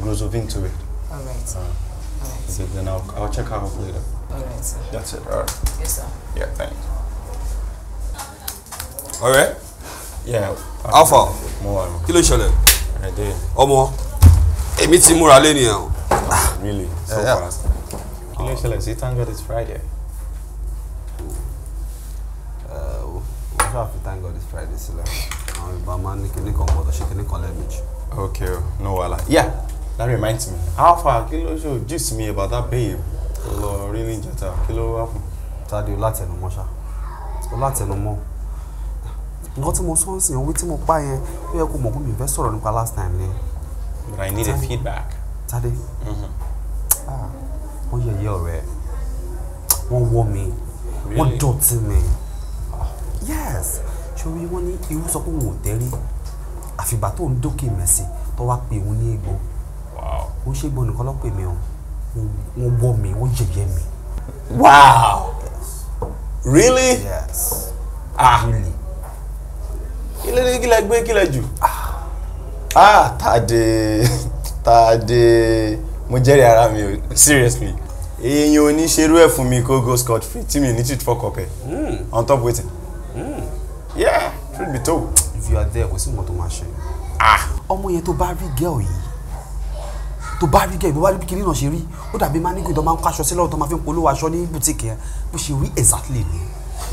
Speaker 4: Grozovin to it.
Speaker 1: All right. Uh, Alright.
Speaker 4: So then I'll, I'll check out later. Alright, sir. That's it. Alright. Yes, sir. Yeah, thanks. Alright.
Speaker 10: Yeah. Alpha. More. Kí ló ṣẹlẹ̀? I did. Ọmọ. Èmi ti múra lé Really? Eh, so fast.
Speaker 4: Kí ló ṣẹlẹ̀ thank God it's Friday.
Speaker 10: Uh, wọ́n ṣáà fi thank God it's Friday sílẹ̀.
Speaker 4: Àwọn ìbámu ní kíní kan gbọ́dọ̀ ṣe kíní kan lẹ́ẹ̀mejì. Okay, no wahala. Yeah. that reminds me alpha kí ló ṣe gist me about that babe lọ rí ní ìjẹta kí ló tade o ṣá o nǹkan tí mo sọ
Speaker 10: ń sìn owó tí mo pa yẹn ó yẹ kó mọ̀ kó mi fẹ́ sọ̀rọ̀ nípa last time ni.
Speaker 6: but i need a feedback.
Speaker 10: tade wọ́n mm-hmm. ah, yẹ̀yẹ́ ọ̀rẹ́ wọ́n wọ́ mi wọ́n dọ̀tí mi
Speaker 1: ah, yes
Speaker 10: ṣòwò wọ́n ní irú sọ pé òun ò tẹ́rí àfìgbà tó ń dókè mẹ́sì tó wá pé òun ní egbò ó ṣe gbọ́n nìkan lọ́pẹ̀ mi o wọ́n wọ́ mi wọ́n jẹ̀yẹ́ mi. wow
Speaker 1: really yes.
Speaker 4: ah really. ilé ní kílẹ̀ gbé kílẹ̀ jù. ah tàdé ah, tàdé mo jẹ́rìí ara mi o seriously èèyàn oníṣerú ẹ̀ fún mi kó go scot free tí mi ní tìtú fọkàn pẹ̀ hmm. on top wetin. Mm. yeah truth be told. if you are there kò sí nǹkan máa ṣe.
Speaker 10: ah ọmọ yẹn tó bá rí girl yìí tó bá rí gẹ̀ bó bá rí kíní náà ṣe rí ó dàbí mánígì tó máa ń kó aṣọ sílẹ̀ tó máa fi ń polówó aṣọ ní bùtíkì ẹ̀ bó ṣe rí exactly ni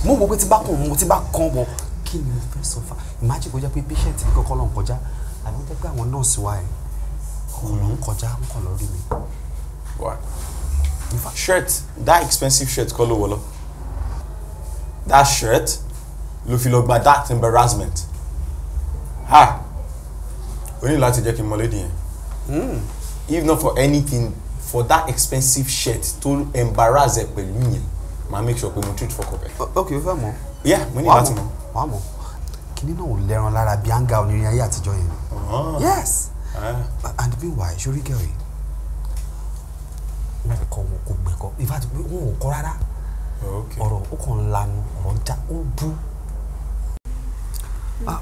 Speaker 10: mo wò pé tí bá kàn wọ́n tí bá kàn wọ́n kí ni mo fẹ́ sọ fà imagine kó jẹ́ pé patient ní kọ́kọ́ lọ́n kọjá àbí jẹ́ pé àwọn nọ́ọ̀sì wa ẹ̀ kọ̀ lọ́n kọjá ń kọ̀ lórí mi.
Speaker 4: shirt that expensive shirt kọ́ ló wọ lọ that shirt ló fi lọ gba that embarrassment ha o ní láti jẹ́ kí n mọ lédi yẹn. Hmm if not for anything for that expensive shirt to embarrass ẹ pẹ̀lú yẹn màá make sure pé mo treat for kọ̀pẹ́. ok o fẹ́ mọ̀. yeah mo ní láti mọ̀. wàá mọ̀ kíní náà
Speaker 10: ò lẹ́ran lára bíi anga onírin ayé àtijọ́ yẹn. Ah. yes uh. and meanwhile sori girl yìí wọn kọ wọn kò gbẹ kọ in fact wọn ò kọ rárá ọ̀rọ̀ ó kàn ń lanu ọ̀rọ̀ ń já ó bú. Ah,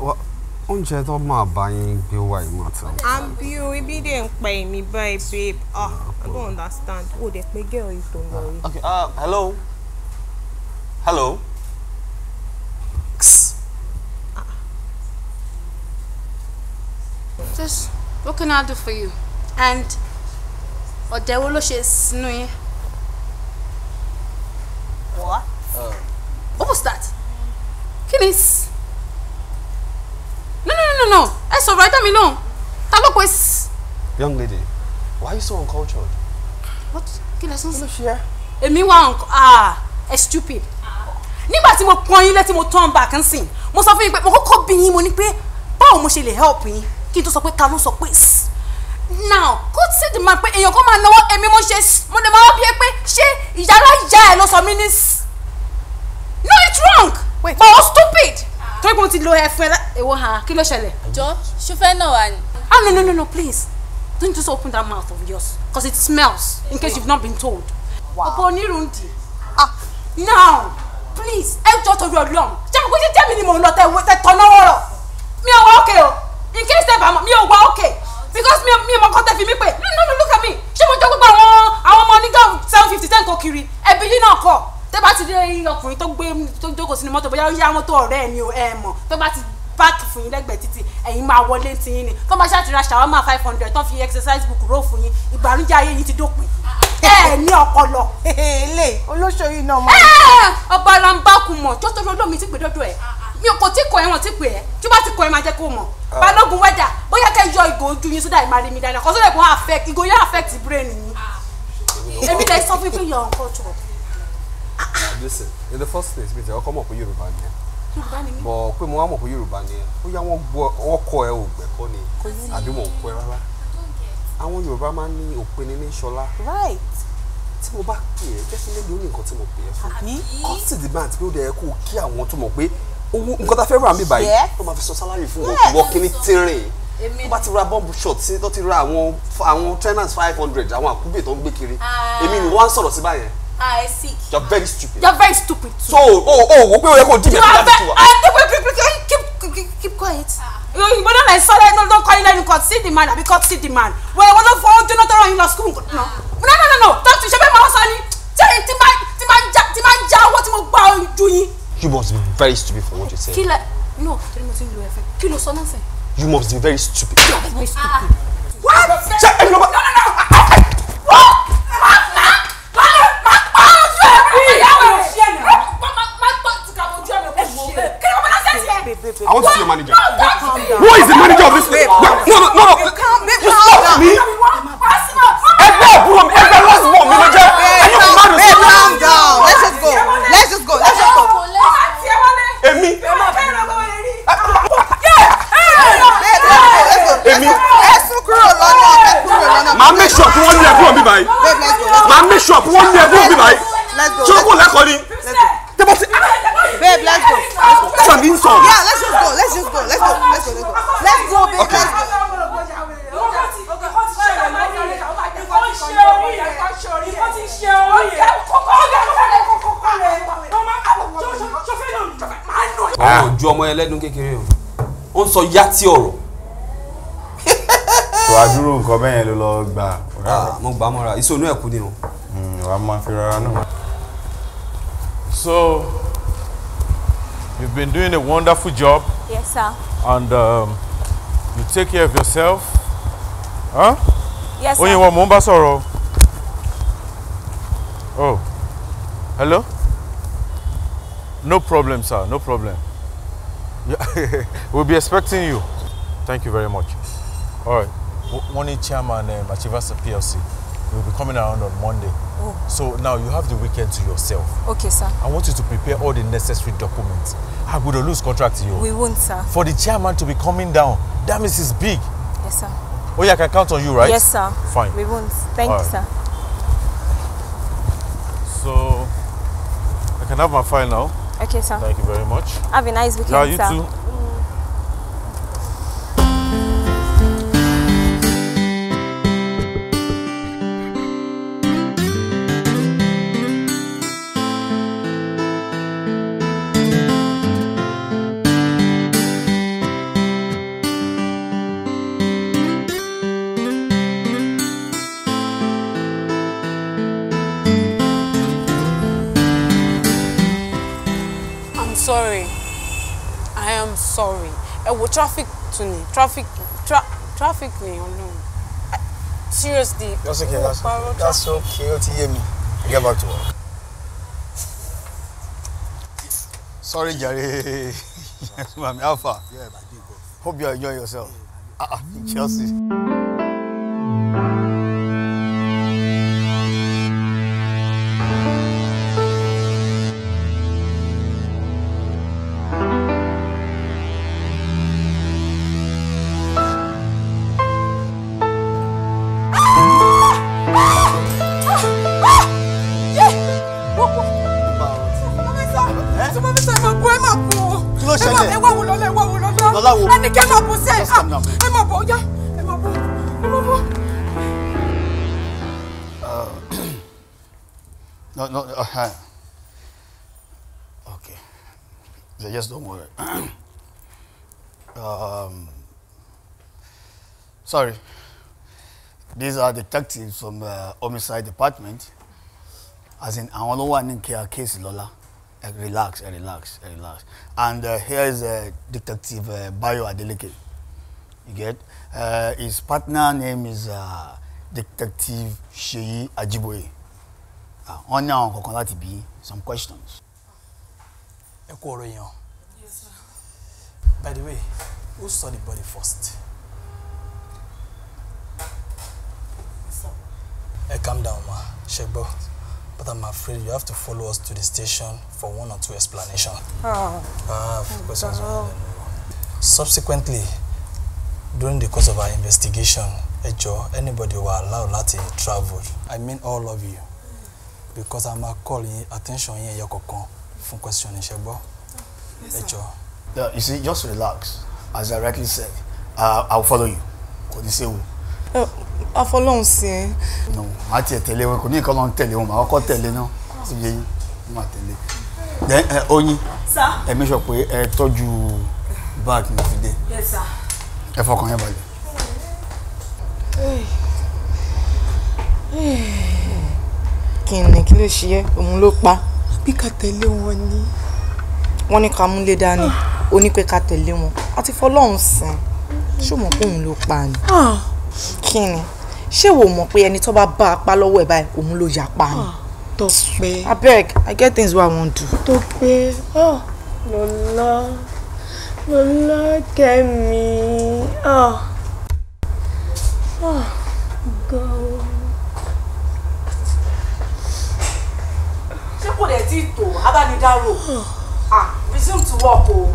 Speaker 10: oúnjẹ tó máa bá yín gbé wá yìí máa tẹ̀ wọ́n.
Speaker 11: àbí o ibi dẹ̀ ń pa èmi báyìí babe ah i don't understand Oh, that my girl yìí tó ń okay uh, hello
Speaker 10: hello Kss.
Speaker 11: just ah. what can i do for you and what wo ló ṣe sínú yín.
Speaker 10: what. Uh. what was that? kí ni. don't ẹ sọ̀rọ̀ ẹ mi lóhùn ta ló pe. young lady why are you so uncultured. what kí lẹ sọ sí. èmi wà ah,
Speaker 11: ẹ stupid nígbà tí mo pọn yín létí mo turn back ń sìn mo sọ fún yín pé mo kọ́kọ́ bí yín mo ní pé báwo mo ṣe lè help yín kí n tó sọ pé ta ló sọ pé now kó sì ti máa pé èèyàn kan máa náwó èmi mo ṣe mo lè máa bí ẹ pé ṣé ìyá aláìyá ẹ ló sọ mí ní. no it's wrong Wait. but stupid torí pé mo ti lo ẹ̀fún ẹ èwo hàn kí ló ṣẹlẹ̀. jọ ṣùfẹ́ náà wà ní. ah oh, no no no no please don't just open that mouth of yours cause it smells in case you've not been told. ọ̀pọ̀ onírundi ah
Speaker 2: now please ẹ jọ torí Ọlọ́run ṣé mo gbé jẹ́ mi ni mò ń lọ tẹ tọ́nà wọ̀rọ̀ mi ò wá òkè o in case tẹ bá mọ mi ò wá òkè because mi mi mọ kọ́tẹ́ fi mi pé no
Speaker 11: no no look at me ṣé mo jọ gbogbo àwọn àwọn ọmọ onígbà seven fifty ten kò kiri ẹbí yìí náà kọ́ tẹ́ bá ti dé ọkùnrin tó gbé tó jókòó sínú mọ́tò bóyá ó yá mọ́tò ọ̀rẹ́ ẹ̀ ni ẹ̀ mọ̀ tó bá ti páàkì fún yín lẹ́gbẹ̀ẹ́ títì ẹ̀yin máa wọlé tí yín ni tó bá ṣàtìrà ṣàwámà five hundred tó fi exercise book ró fún yín ìbànújẹ́ ayé yín ti dópin ẹ ní ọpọlọ. ilé olóṣèlú náà mọ. ọba alambaku mọ tó tó lómi ti gbèdọdọ ẹ mi kò tí kọ ẹwọn tí pè ẹ tí bá ti kọ ẹ máa jẹ kó mọ ah. balógun wẹdà bóyá kẹ yọ ìgò ojú yín sódà ìmàlẹ mi dáadáa kọ ìgò yẹn affect brain yín
Speaker 10: ah. èmi lè sọ fún yọ nǹkan tó na listen in the first place mi tẹ ọkọ mọ̀ pé yorùbá ni ẹ bọ̀ pé mo wá mọ̀ pé yorùbá ni ẹ ó yá wọ́n gbọ́ ọkọ ẹ ò gbẹ̀kọ́ ni àbí wọn ò pẹ́ rárá àwọn yorùbá máa ń ní òpin ní ṣọlá tí mo bá pè é jẹ́sí lé lórí nǹkan tí mo pè é fún kọ́sì demand pé ó dẹ̀ kó kí àwọn tó mọ̀ pé nǹkan tá a fẹ́ rà mí báyìí ó máa fi sọ sálárì fún wọn wọ́n kí ní tínrín tó bá ti ra bomb shot sí tó ti ra àwọn trainers five hundred àwọn àkúgbè tó ń gbé kiri ah. èmi ni wọ́n á sọ̀rọ̀ sí báyẹn ah sick. you are very stupid. you are very stupid too. so oh, oh, wo pe o yẹ ko di mi ẹgbẹ ti wa. ah keep
Speaker 11: keep keep keep keep quiet. ìgbọ́n náà ẹ sọ́dọ̀ ẹ̀ call you like you kan see the man àbí cut see the man Well, wọ́n lọ fọ́ ojú náà tọrọ yín lọ school nù. Ah. no no no no talk to ṣe bẹ́ẹ̀ máa sọ ni tí máa tí máa ń já tí máa ń já owó tí mo gbà ju yín.
Speaker 10: you must be very stupid for what you say. kí
Speaker 11: no torí mo ti ń lo ẹ̀fẹ̀ kí sọ náà sẹ́.
Speaker 4: you must be very stupid.
Speaker 11: you are very ah. stupid. what. ṣe ẹni no no no.
Speaker 2: I want to see your manager. Who is the manager of this? place? no, no, no, no. You calm, babe, you calm down. Me?
Speaker 10: Ẹgbẹ́ àbúrò mi, ẹgbẹ́ last born mi ló jẹ́. Ẹni mi máa dùn sí. Babe, calm down. Let's just go. Let's just go. Let's just go. Èmi.
Speaker 1: Èmi. Ẹ̀sùn kúrò lọ́nà. Kúrò lọ́nà. Màá make sure kí wọ́n ní ẹ̀gbọ́n mi báyìí. Màá
Speaker 4: make sure kí wọ́n ní ẹ̀gbọ́n mi báyìí. Ṣé o kò lẹ́kọ̀ọ́ ni? Let's go. They ah!
Speaker 11: must. Babe, let's go. That's an insult. Yeah, let's just go. Let's just
Speaker 2: go. Let's go. Let's go. Let's go. Let's go, babe. go. Let's go.
Speaker 4: àwọn ah,
Speaker 10: ojú ọmọ ẹlẹ́dún kékeré o ó ń sọ yàtí ọ̀rọ̀.
Speaker 4: tó a dúró nǹkan bẹ́ẹ̀ yẹn ló lọ gbà.
Speaker 10: Ah, mo gbà mọ́ra ìṣòro ẹ̀ kú ni o. Hmm, wàá máa fi rárá náà.
Speaker 6: So, you've been doing a wonderful job. Yes, sir. And um, you take care of yourself. Huh? Yes, sir. Oh, you want Oh. Hello? No problem, sir. No problem. we'll be expecting you. Thank you very much. All right. Morning Chairman um, PLC. We'll be coming around on Monday. So now you have the weekend to yourself. Okay, sir. I want you to prepare all the necessary documents. I would lose contract you. We
Speaker 11: won't, sir. For
Speaker 6: the chairman to be coming down, that means it's big.
Speaker 11: Yes, sir. Oh
Speaker 6: yeah, I can count on you, right? Yes, sir. Fine. We
Speaker 11: won't. Thank all you, right. sir.
Speaker 6: So, I can have my file now. Okay, sir. Thank you very much. Have a nice weekend, yeah, you sir. too.
Speaker 11: traffic tún ni traffic tra traffic ni ọlọ́run seriously.
Speaker 8: that's okay that's okay that's okay ó ti yé mi i get back to work. sorry jare mami alpha yeah, hope you enjoy yourself ah, ah chelsea. sorry. These are detectives from uh, homicide department. As in, àwọn ló wà ní case, Lola. lọ́la. Relax, relax, relax. And uh, here is uh, Detective uh, Bayo Adeleke. You get? Uh, his partner name is uh, Detective Sheyi Ajiboye. Ah, wọ́n ní àwọn to be some questions.
Speaker 3: Ẹ kú ọ̀rọ̀ By the way, who saw the body first? Hey, calm down, ma. Shegbo. But I'm afraid you have to follow us to the station for one or two explanations. Oh. Ah, of course. Oh. Subsequently, during the course of our investigation, ẹ jọ̀ọ́ anybody who allowed Lati to travel. I mean all of you. Because I'm a call yin attention yin ẹyọ for questioning, question Shegbo. Ẹ
Speaker 8: jọ̀ọ́. You see, just relax. As I rightly said, uh, I'll follow you. What Kò ní séwu
Speaker 3: afọlọ́hún sí
Speaker 11: ẹ.
Speaker 8: màá tiẹ̀ tẹ̀lé wọn kò ní ìkọ́ lọ́n tẹ̀lé wọn màá kọ́ tẹ̀lé náà sí yẹ yín màá tẹ̀lé. oyin ẹ mẹ́sọ̀ pé ẹ tọ́jú báàgì mi fi dé ẹ fọkàn yẹn balẹ̀.
Speaker 11: kí ni kí ló ṣe yẹ òun ló pa bí ká tẹ̀lé wọn ni wọ́n ní ká múlé dání onípe ah. ká tẹ̀lé wọn àti fọlọ́hún sìn ṣùgbọ́n kóun ló pa ni. Ah kí ni ṣé wò mọ̀ pé ẹni tó bá bá apá lọ́wọ́ ẹ̀ báyìí òun ló yapa ni. Ah, Tọ́pẹ́. abeg i get things wey i wan do. Tọ́pẹ́ oh lọ́lá lọ́lá kẹ́mi oh ah. oh god. ṣé kò dẹ̀ tí ì tó abánidáró ah resume to work o. Oh.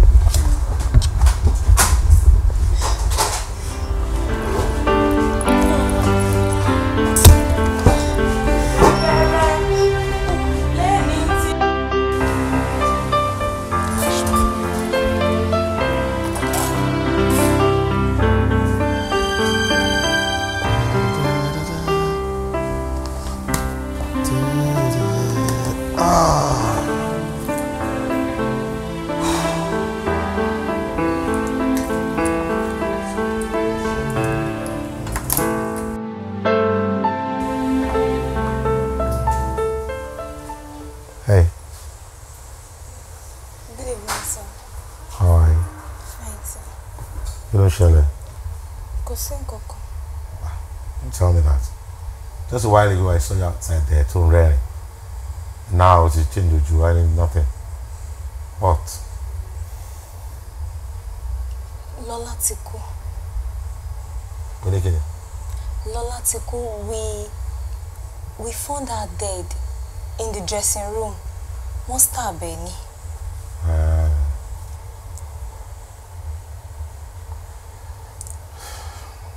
Speaker 11: ṣẹlẹ̀. kò sí nǹkan kan.
Speaker 13: Ah, tell me that just a while ago I saw you outside there tó ń rẹ́rìn now it's change ojú I need nothing what.
Speaker 11: lọ́lá ti kú. oníkèé. lọ́lá ti kú we we found her dead in the dressing room wọ́n stab ẹ̀ ni.
Speaker 13: Uh,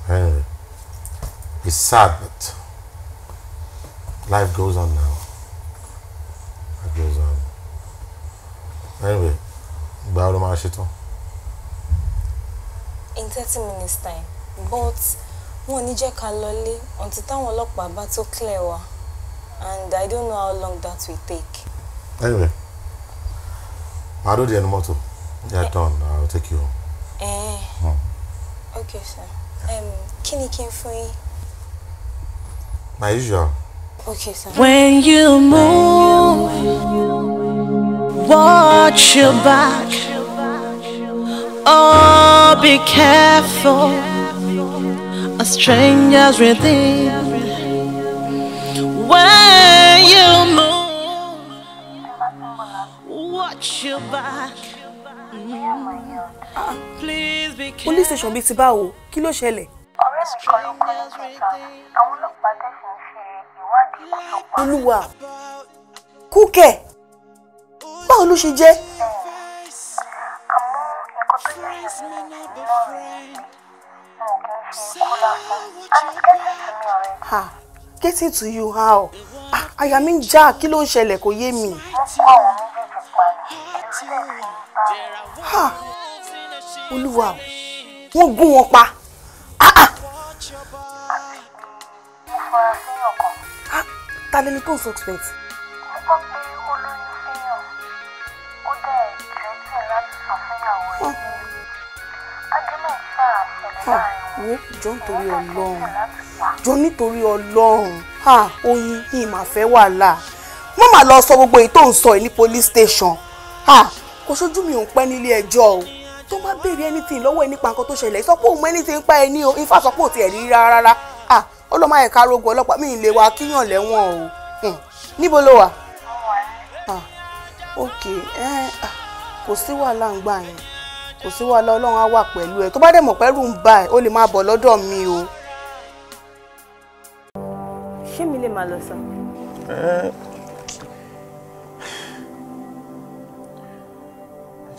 Speaker 13: Hey. It's sad, but life goes on now. It goes on. Anyway, gbàwo ló máa ṣe tán?
Speaker 11: In thirty minutes time, but wọn ò ní jẹ́ ká lọlé until táwọn ọlọ́pàá bá tó clear wa and I don't know how long that will take.
Speaker 13: Anyway, màá dó di ẹnu mọ́tò. are eh. done. I'll take you home.
Speaker 11: Eh. Hmm. Okay, sir. Um, kí ni kí
Speaker 13: my usual.
Speaker 5: okay sir.
Speaker 11: when
Speaker 13: you move
Speaker 5: watch your back oh be careful a stranger's within
Speaker 1: when you
Speaker 5: move watch your back. police
Speaker 11: station bíi ti báwo kí ló ṣẹlẹ̀.
Speaker 2: ọ̀rẹ́ mi kọ́ ló kọ́ ní kẹta àwọn ọlọ́pàá tẹ̀sí ń ṣe
Speaker 11: ìwádìí ìṣọ̀pá. olúwa kúkẹ́ báwo ló ṣe jẹ́. àmọ́ ẹ̀kọ́ tó yẹ kí n lọ rẹ̀ mo kì í ṣe ikú lásán and getting to me
Speaker 1: already.
Speaker 11: getting to you how àyà ah, mi ń já kí ló ń ṣẹlẹ̀ kò yé mi. mo kọ́ ọ olúwa wọ́n gún wọn pa. Ah, ah. ta lẹni tó ń suspect. mo gbọ́ pé olóyún fẹ́yàn ó dẹ̀ jẹ́sìn láti sọ fẹ́yàwó ẹ̀ agreement sáà ṣẹlẹ̀ láàrin wọn. jọ nítorí ọlọ́run jọ nítorí ọlọ́run oyin yìí mà fẹ́ wàhálà má mà lọ sọ gbogbo èyí tó ń sọ yìí ní police station kò sójú mi ò ń pẹ́ nílé ẹjọ́ o tó má béèrè anything lọ́wọ́ ẹ nípa nǹkan tó ṣẹlẹ̀ sọ pé òun anything pa ẹ ní o ifá sọ pé ò tiẹ̀ rí rárá rárá ah ó lọ́ máa ẹ̀ka rogo ọlọ́pàá mi ì lè wa kíyàn lẹ́wọ̀n o hmm. níbo ló wà. ok kò sí wàhálà ń gbà yẹn kò sí wàhálà ọlọ́run á wà pẹ̀lú ẹ tó bá dẹ̀ mọ̀ pẹ́rù ń bà ẹ́ ó lè máa bọ̀ lọ́dọ̀ mi o. ṣé mi lè máa lọ sàn.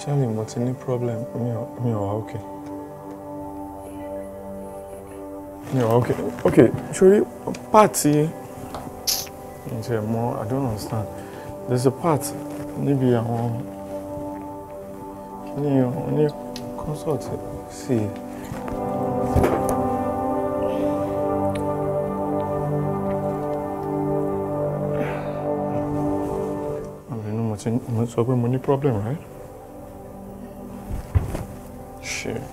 Speaker 6: ṣẹ́ni mo ti ní problem mi ò wá okay mi ò wá okay okay sori pààtì ǹjẹ́ e mo I don't understand there's a part níbi àwọn ní
Speaker 4: ní consult sí i. mo sọ pé mo ní problem right.
Speaker 1: sure.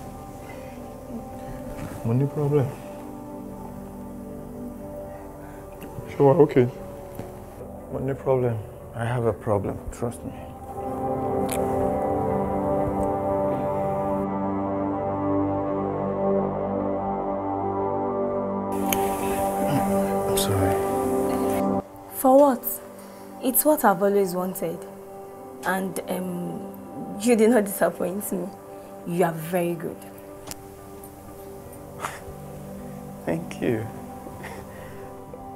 Speaker 6: problem. Sure, okay? Money problem. I have a problem, trust me.
Speaker 1: I'm sorry.
Speaker 11: For what? It's what I've always wanted. And um, you did not disappoint me. You are very good.
Speaker 7: Thank you.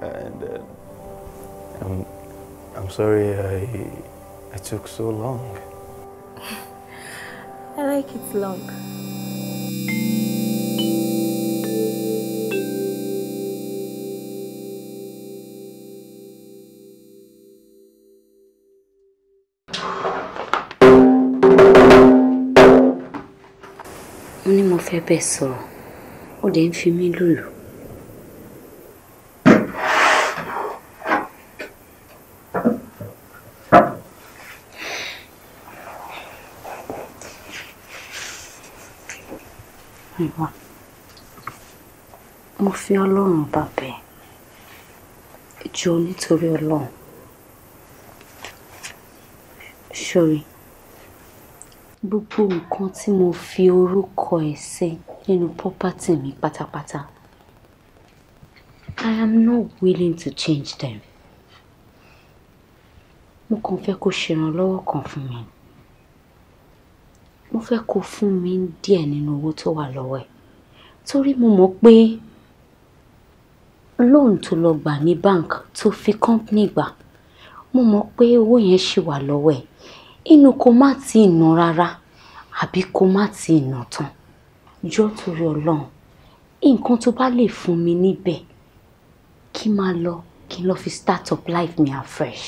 Speaker 7: and uh, I'm, I'm sorry I, I took
Speaker 1: so long.
Speaker 11: I like it long.
Speaker 1: mo ní
Speaker 12: mo fẹ́ bẹ́ẹ̀ sọ̀rọ̀ ó dẹ̀ ń fi mí lùlù. mo fi ọlọ́run bàbẹ̀ jọ nítorí ọlọ́run sórí. Sure gbogbo nǹkan tí mo fi orúkọ ẹ̀ ṣe nínú property mi pátápátá I am not willing to change them mo kàn fẹ́ kó ṣèrànlọ́wọ́ kan fún mi mo fẹ́ kó fún mi díẹ̀ nínú owó tó wà lọ́wọ́ ẹ̀ torí mo mọ̀ pé lóun tó lọ gbà ní bank tó fi company gbà mo mọ̀ pé owó yẹn ṣì wà lọ́wọ́ ẹ̀ inú kó má ti nà rárá àbí kó má ti nà tán jọ torí Ọlọ́run nǹkan tó bá lè fún mi níbẹ̀ kí máa lọ kí n lọ fi start up life mi afresh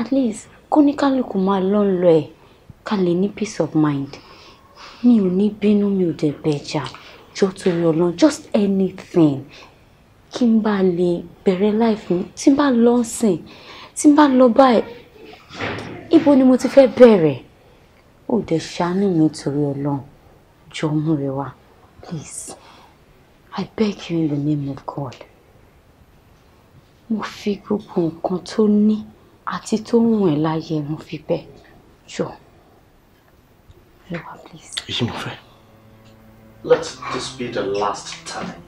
Speaker 12: at least kóníkálukú máa lọ ń lọ ẹ ká lè ní peace of mind mi ò ní bínú mi ò dẹ̀ bẹ̀jà jọ torí Ọlọ́run just anything kí n bá lè bẹ̀rẹ̀ life mi tí n bá lọ sìn tí n bá lọ báyìí ibo ni mo ti fẹ́ bẹ̀rẹ̀ ó dẹ̀ ṣàánú mi torí ọlọ́run jọ mú rẹ wá please i beg you in the name of god mo fi gbogbo nǹkan tó ní àti tó ń wọ̀n láyé mo fi bẹ́ẹ̀ jọ rẹ
Speaker 1: please. èyí mo fẹ́.
Speaker 4: let this be the last time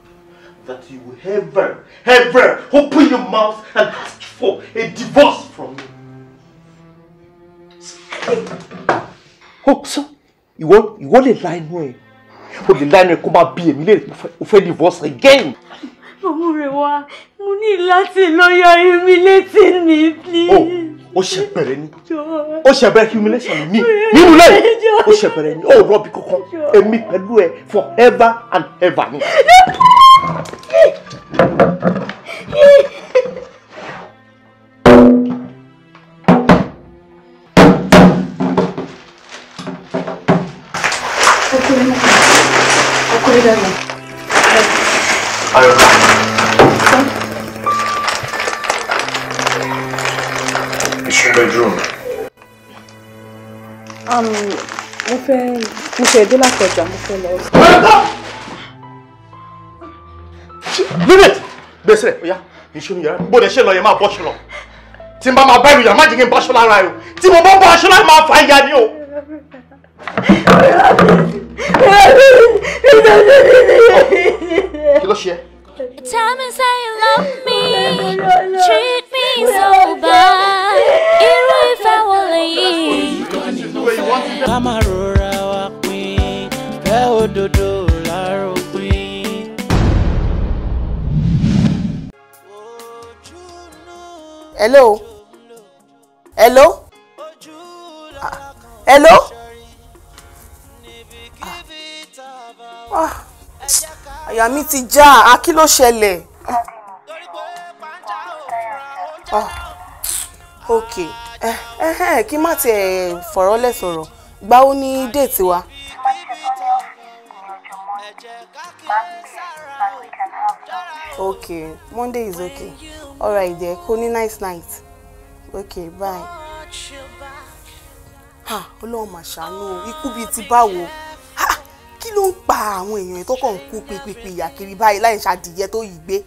Speaker 4: that you ever ever open your mouth and ask for a divorce from me ó sọ ìwọ ìwọ lè la inú ẹ o lè la inú ẹ kó má bí èmi lè o fẹ́ divorce again.
Speaker 1: ọmọ rẹ
Speaker 2: wá mo ní láti lọ́yọ̀ humiliate mi please.
Speaker 4: ó ṣe bẹ̀rẹ̀ ni ó ṣe bẹ̀rẹ̀ humiliation mi nínú lẹ́yìn ó ṣe bẹ̀rẹ̀ ni ó rọ́ọ̀bì kankan èmi pẹ̀lú ẹ forever and ever ni.
Speaker 1: Um, mo fẹ́
Speaker 10: mo fẹ́ dé látọjà
Speaker 4: mo fẹ́ lọ. bíbẹ̀ gbèsè ọ̀yá ìṣòro yàrá bó lè ṣe lọ yẹn máa bọ́ ṣe lọ tí n bá máa bá ìròyìn àmájì kí n bọ́ṣọ́ lára o tí mo bá bọ́ṣọ́ lára máa fà á ya ni o.
Speaker 1: kí ló ṣe é.
Speaker 2: Tell me say you love me, treat me so bad. Irú ìfẹ́
Speaker 1: wọlé yìí
Speaker 9: hello hello
Speaker 11: ah. hello. Ah, ah, àyà mi ti já a kí ló ṣẹlẹ̀. Ah, okay kí má tiẹ̀ fọ̀rọ̀ lẹ̀ sọ̀rọ̀ gbà ó ní déètì wa. okay monday is okay alright there kò ní nice night okay bye. ha ọlọ́run mà ṣàánú ikú bíi ti báwo kí ló ń pa àwọn èèyàn tó kàn ń kú pípípí ìyà kiri báyìí láì ṣàdìyẹ tó yìí gbé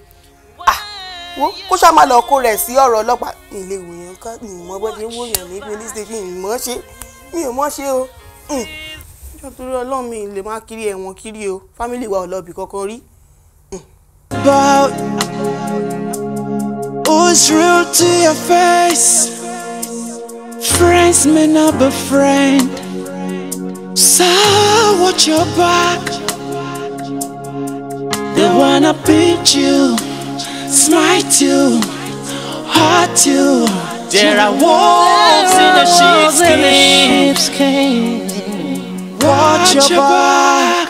Speaker 11: wo kó ṣáà má lọ kó rẹ̀ sí ọ̀rọ̀ ọlọ́pàá ilé ìwòyàn ká mi ò mọ bọ́dé wòyàn ní police station mi ò ṣe mi ò mọ ṣe o hmm. nítorí ọlọ́run mi lè má
Speaker 9: kiri ẹ̀wọ̀n kiri o fámìlì wa ò lọ bì kankan rí. Hmm. about who's real to your face friends may not be friend so watch your back they wanna beat you. smite you, hurt you. There are wolves in the sheep's
Speaker 5: cave. Watch your back.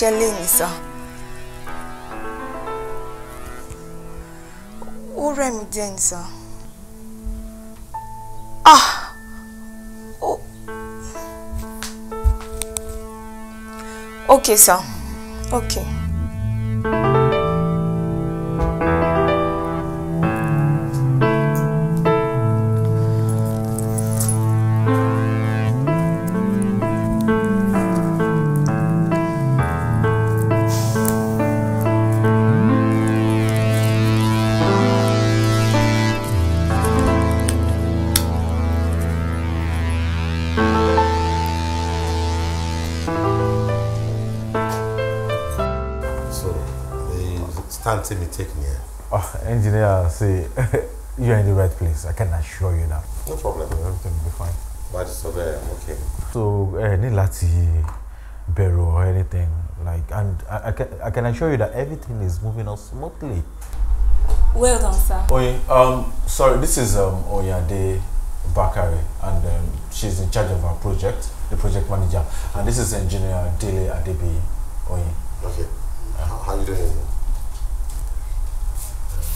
Speaker 11: ṣiṣẹ́ léèní sá ó rẹ̀ ah ó ok sá ok. okay.
Speaker 6: I can assure you now.
Speaker 13: No problem. Everything will be fine. But it's surveyor, I'm okay.
Speaker 6: So, any lati bureau or anything like, and I, I, can I can assure you that everything is moving on smoothly.
Speaker 2: Well done,
Speaker 1: sir.
Speaker 6: Oye, um, sorry, this is um Oyade Bakari, and um, she's in charge of our project, the project manager, and this is engineer Dele Adebi Oye. Okay. How, how you doing?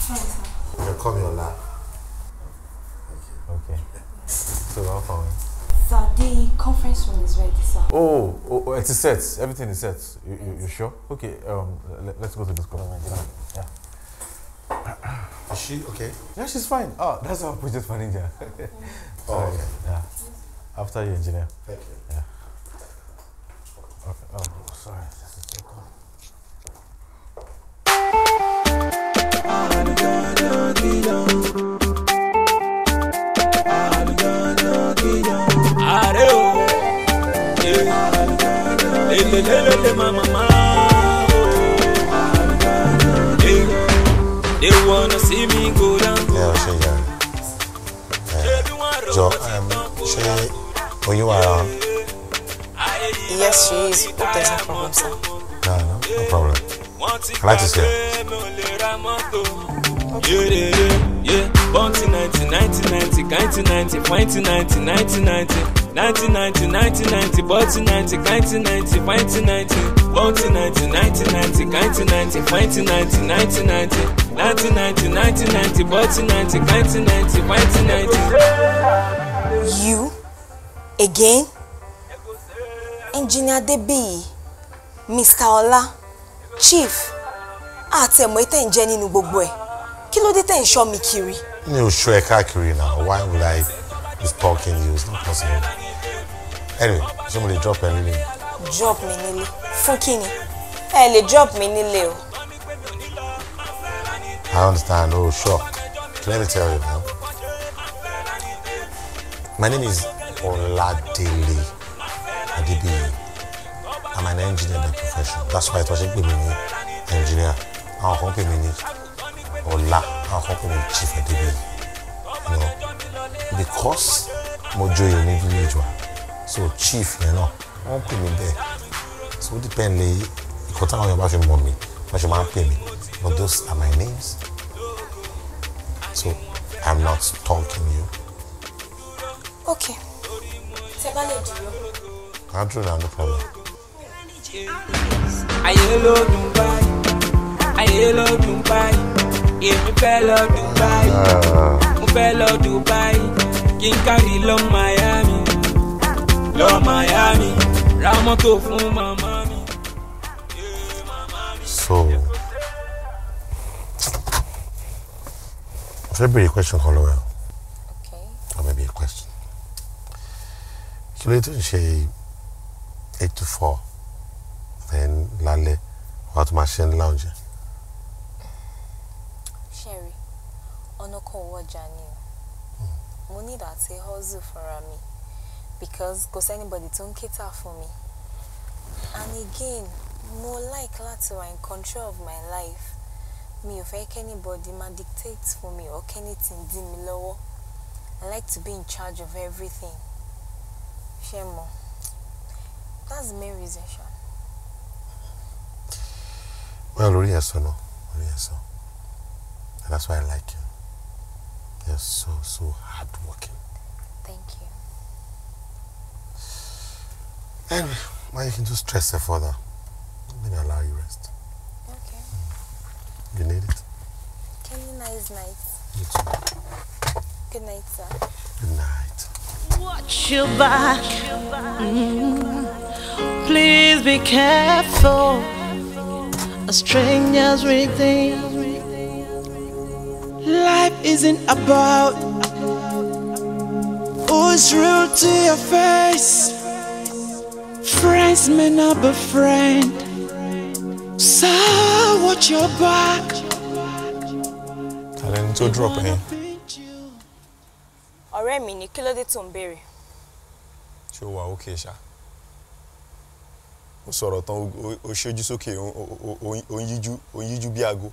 Speaker 6: Hi, sir. You can call me on that. So how far away?
Speaker 11: the conference room is ready,
Speaker 6: sir. Oh, oh, oh it is set. Everything is set. You, yes. you, you sure? Okay, um, let, us go to this room. Yeah. Is she okay? Yeah, she's fine.
Speaker 13: Oh, that's our project manager.
Speaker 6: Okay. oh, okay. Yeah. After you, engineer. Thank you. Yeah. Okay. Oh,
Speaker 9: sorry. elelelele mama
Speaker 10: they, eh, they wanna see me go down
Speaker 13: ẹ ọ ṣe yà ẹ jọ ṣé oyún wà rán.
Speaker 3: Yes, she is, but there's no problem, sir.
Speaker 13: No, no, no problem. I like to see her.
Speaker 3: Yeah, yeah, yeah, yeah.
Speaker 7: to 1990, 1990, 1990, 1990, 1990. You again? Engineer
Speaker 11: Debi, Mr. Ola, Chief, àtẹ̀mọ́ tẹ̀ ń jẹ́ nínú gbogbo ẹ̀. Kí ló dé tẹ̀ ń ṣọ́ mi kiri?
Speaker 13: Mi ò ṣọ́ ẹ káàkiri why would I? stalking you it's not possible anyway somebody drop me nílé.
Speaker 11: drop me nílé fún kí ni ẹ lè drop me nílé o.
Speaker 13: I understand oh sure let me tell you now my name is Oladele Adebiyi I'm an engineer by profession that's why ìtọ́sí pè mí ní engineer àwọn kan pè mí ní Ọlá àwọn kan pè mí ní Chief Adebiyi you know because mo joyè ní village wa so chief yẹn náà wọ́n pè mí bẹ́ẹ̀ so ó depend lé ìkọ́ táwọn èèyàn bá fi mọ̀ mí wọ́n ṣe máa ń pè mí but those are my names so i'm not talking you.
Speaker 11: okay tẹ bá lè dúró.
Speaker 13: i do na no problem.
Speaker 11: ayé ló báyìí ayé ló báyìí èmi fẹ́ lọ
Speaker 13: báyìí
Speaker 11: fẹ́ lọ Dubai kí n kárí lọ Miami lọ Miami
Speaker 2: ra mọ́tò fún màmá mi.
Speaker 6: so
Speaker 13: fẹ́ béèrè question kan lọ́wọ́ ọ maybe a question kí ló tó ń ṣe eight to four then lálẹ́ wàá tún máa ṣe ńlá oúnjẹ.
Speaker 11: ṣe rí ọ̀nà kan wọ́jà ni mo need a hustle for me because kò anybody tó ń cater for me. and again mo like láti wà in control of my life mi ò fẹ́ kẹ́nibọ̀dì máa dictate for me or anything dí mi lọ́wọ́ I like to be in charge of everything ṣe mọ̀ that's the main reason ṣá.
Speaker 13: well lórí ẹ̀sọ́ náà lórí ẹ̀sọ́ and that's why I like you. They're so, so hardworking. Thank you. Anyway, why you can just stress her further. I'm gonna allow you rest.
Speaker 12: Okay.
Speaker 11: You need it? Can you nice night? You too. Good night, sir. Good night. Watch your back.
Speaker 5: Mm. Please be careful. A stranger's
Speaker 9: waiting. Life isn't about who's real to your face. Friends may not be friend. So watch your back.
Speaker 6: Kalen, to drop in.
Speaker 11: Ọ̀rẹ́ mi ni kí ló dé tó ń béèrè?
Speaker 4: Ṣé o wà ókè ṣá? Ó sọ̀rọ̀ tán ó ṣojú sókè ó ń yíjú bí aago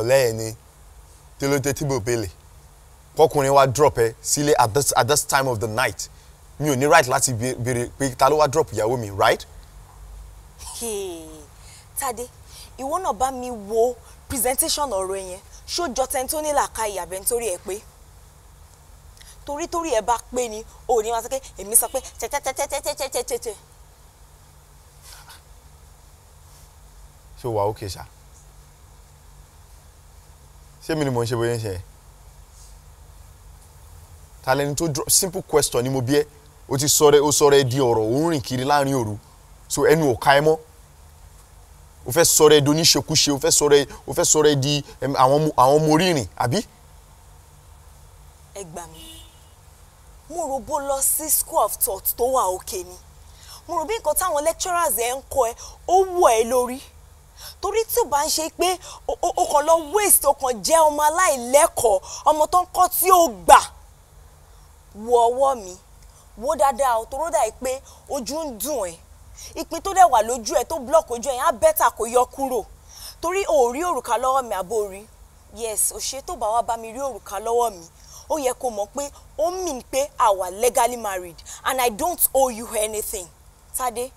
Speaker 4: ọ̀lẹ́ ẹ̀ ni tí ló dé tí mo bèlè kọkùnrin wa drop ẹ sílé at this at this time of the night mi ò ní right láti béèrè pé ta ló wá drop ìyàwó mi right.
Speaker 11: Tade ìwọ náà bá mi wo presentation ọ̀rọ̀ yẹn ṣójọ tẹni tó ní làákàyè àbẹ̀ nítorí ẹ pé torí torí ẹ bá pé ni ò ní wá sọ pé èmi sọ pé tẹ́tẹ́tẹ́tẹ́tẹ́tẹ́tẹ́tẹ́.
Speaker 4: ṣé o wà ó ṣá ṣé mi ni mò ń ṣe bóyá ń ṣe ta tó drop simple question ni mo bí ẹ o ti sọ̀rọ̀ o sọ̀rọ̀ ẹ di ọ̀rọ̀ òun rìn kiri láàrin òru so ẹnu ò ka ẹ mọ́ o fẹ́ sọ̀rọ̀ ẹ di oníṣekúṣe o fẹ́ sọ̀rọ̀ ẹ o fẹ́ sọ̀rọ̀ ẹ di àwọn àwọn ọmọ orírìn àbí.
Speaker 11: ẹ gbà mí mo rò bó lọ sí school of thought tó wà òkè ni mo rò bí nǹkan táwọn lecturers ẹ ń kọ ẹ ó wù ẹ lórí torí tí o bá ń ṣe pé o kàn lọ waste o kàn jẹ́ ọmọ aláìlẹ́kọ̀ọ́ ọmọ tó ń kọ́ tí o gbà wo ọwọ́ mi wo dáadáa o toró dà pé ojú ń dùn ẹ́ ìpín tó dẹ̀ wà lójú ẹ̀ tó block ojú ẹ̀ yẹn á bẹ́tà kó yọ kúrò torí o ò rí òrùka lọ́wọ́ mi àbó rí yes òṣè tó bá wá bá mi rí òrùka lọ́wọ́ mi ó yẹ kó mọ̀ pé ó mìn pé àwa legally married and I don't owe you anything Tade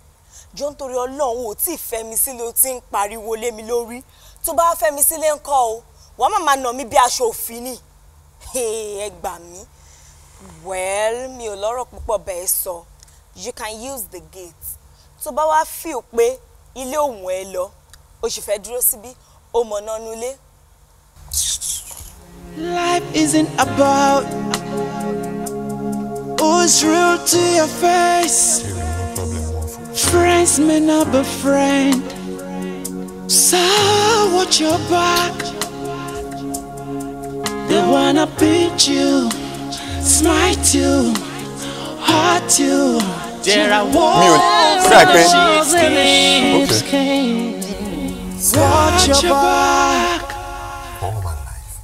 Speaker 11: jọ nítorí ọlọ́run ò tí ì fẹ́ mi sílé o ti ń pariwo lé mi lórí tó bá fẹ́ mi sílé ńkọ́ o wàá má máa nà mí bí aṣọ òfin ni ẹ gbà mí well mi ò lọ́rọ̀ púpọ̀ bẹ́ẹ̀ sọ you can use the gate tó bá wá feel pé ilé òun ẹ lọ o sì fẹ́ dúró síbí o mọ̀ náà nulẹ̀.
Speaker 9: Life isn't about who's real to your face. Friends may not be friends. So watch your back. They wanna beat you, smite you, hurt
Speaker 1: you. There are wolves in the sheep's okay. Watch your back. All my life,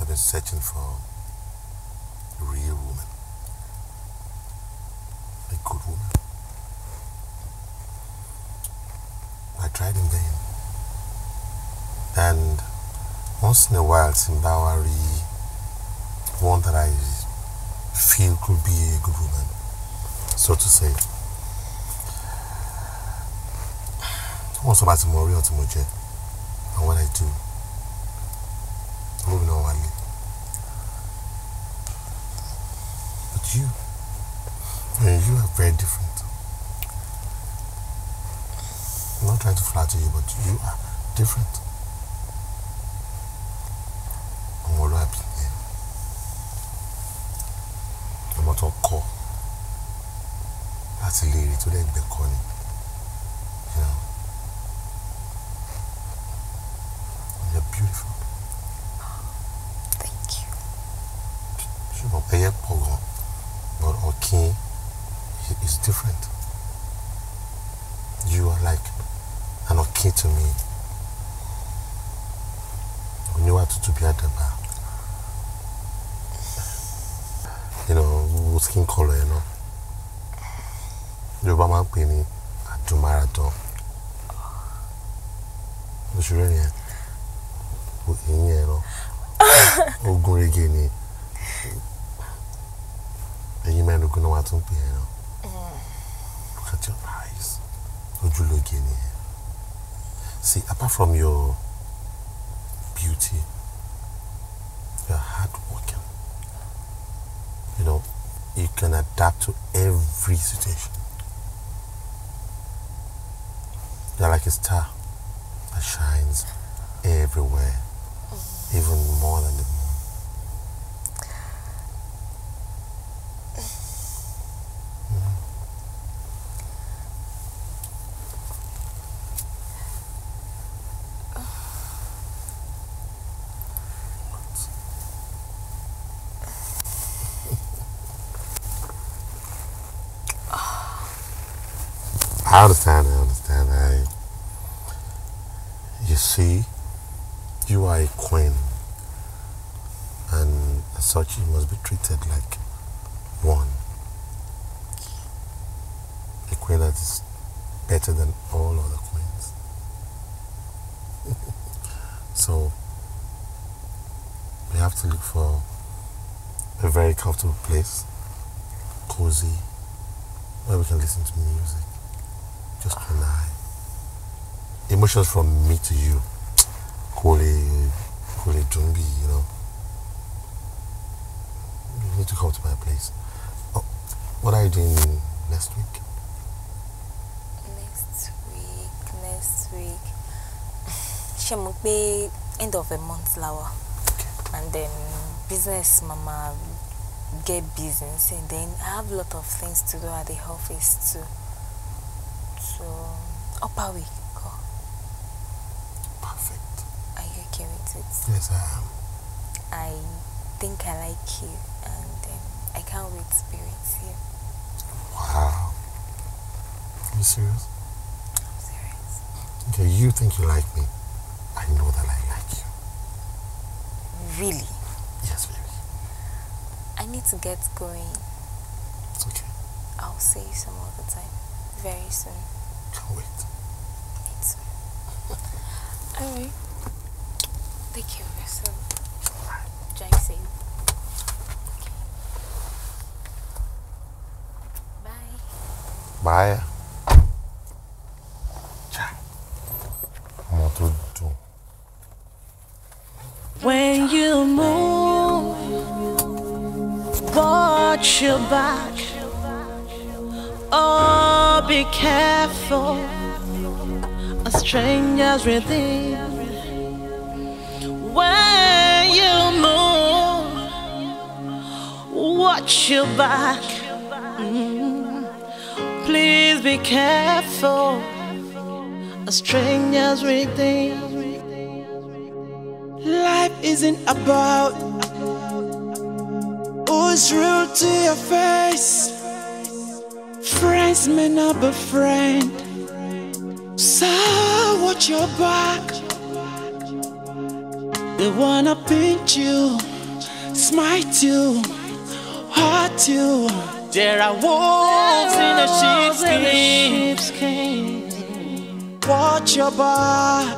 Speaker 13: I've been searching for I tried in vain. And once in a while, Simbawari, one that I feel could be a good woman, so to say. Also about Mori or Timoje and what I do. Moving on, Wally. But you, and you are very different. I'm not trying to flatter you, but you are different. Ọmọlúwàbí ni ẹ́. Ọmọ tó kọ́ láti lè rí tó dẹ́gbẹ́ kọ́ ni. You know? You're beautiful. Thank you. Ṣùgbọ́n ẹyẹ pọ̀ gan but ọ̀kín is different you are like an okay to me oníwà tútù bí àdàbà you know skin color. You know, yorùbá máa ń pè ní àdùnmáradán oṣù rẹ yẹn èyí ẹ lọ ogun rege ni èyí mẹ́rin ogun náà wà tún pè é lọ mm. look at your eyes. ojúlóge see apart from your beauty you are hardworking you know you can adapt to every situation you are like a star that shines everywhere even more than the be treated like one. A queen that is better than all other queens. so we have to look for a very comfortable place, cozy, where we can listen to music, just rely. Emotions from me to you, Kole, Kole Dumbi, you know need to go to my place. Oh, what are you doing next week?
Speaker 11: Next week, next week. Ṣé end of a month lawa. Okay. And then business mama get business, and then I have a lot of things to do at the office too. So upper week. Go. Perfect. Are you okay with it? Yes, I am. I think I like you. I can't wait to be with you.
Speaker 13: Wow. Are you serious? I'm serious. Okay, you think you like me. I know that I like you. Really? Yes, really.
Speaker 11: I need to get going. It's okay. I'll see you some other time. Very soon.
Speaker 13: Can't wait. Me too.
Speaker 11: Alright. Thank you.
Speaker 13: pa
Speaker 5: When you move, watch your back. Oh, be careful. A stranger's within. When you move, watch your back please be careful. A
Speaker 9: stranger's waiting. Life isn't about who's real to your face. Friends may not be friend. So watch your back. They wanna pinch you, smite you, hurt you. There are wolves in the sheep's cage. Watch your back.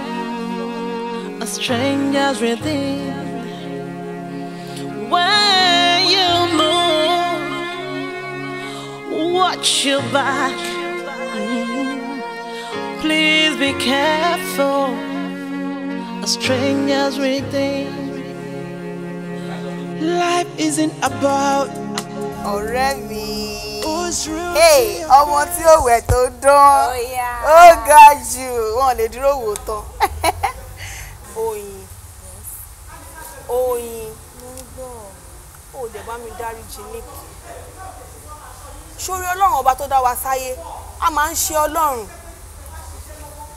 Speaker 5: strangers within. When you move, watch your back. Please be careful. A stranger's within.
Speaker 9: Life isn't about already. Hey, ọmọ tí ó wẹ̀ tó dán oh, ó ga jù
Speaker 11: wọn lè dúró wò tán. oyin oyin ó dẹ̀ bá mi dáríjì níkì sórí ọlọ́run ọba tó dá wa sáyé a máa ń ṣe ọlọ́run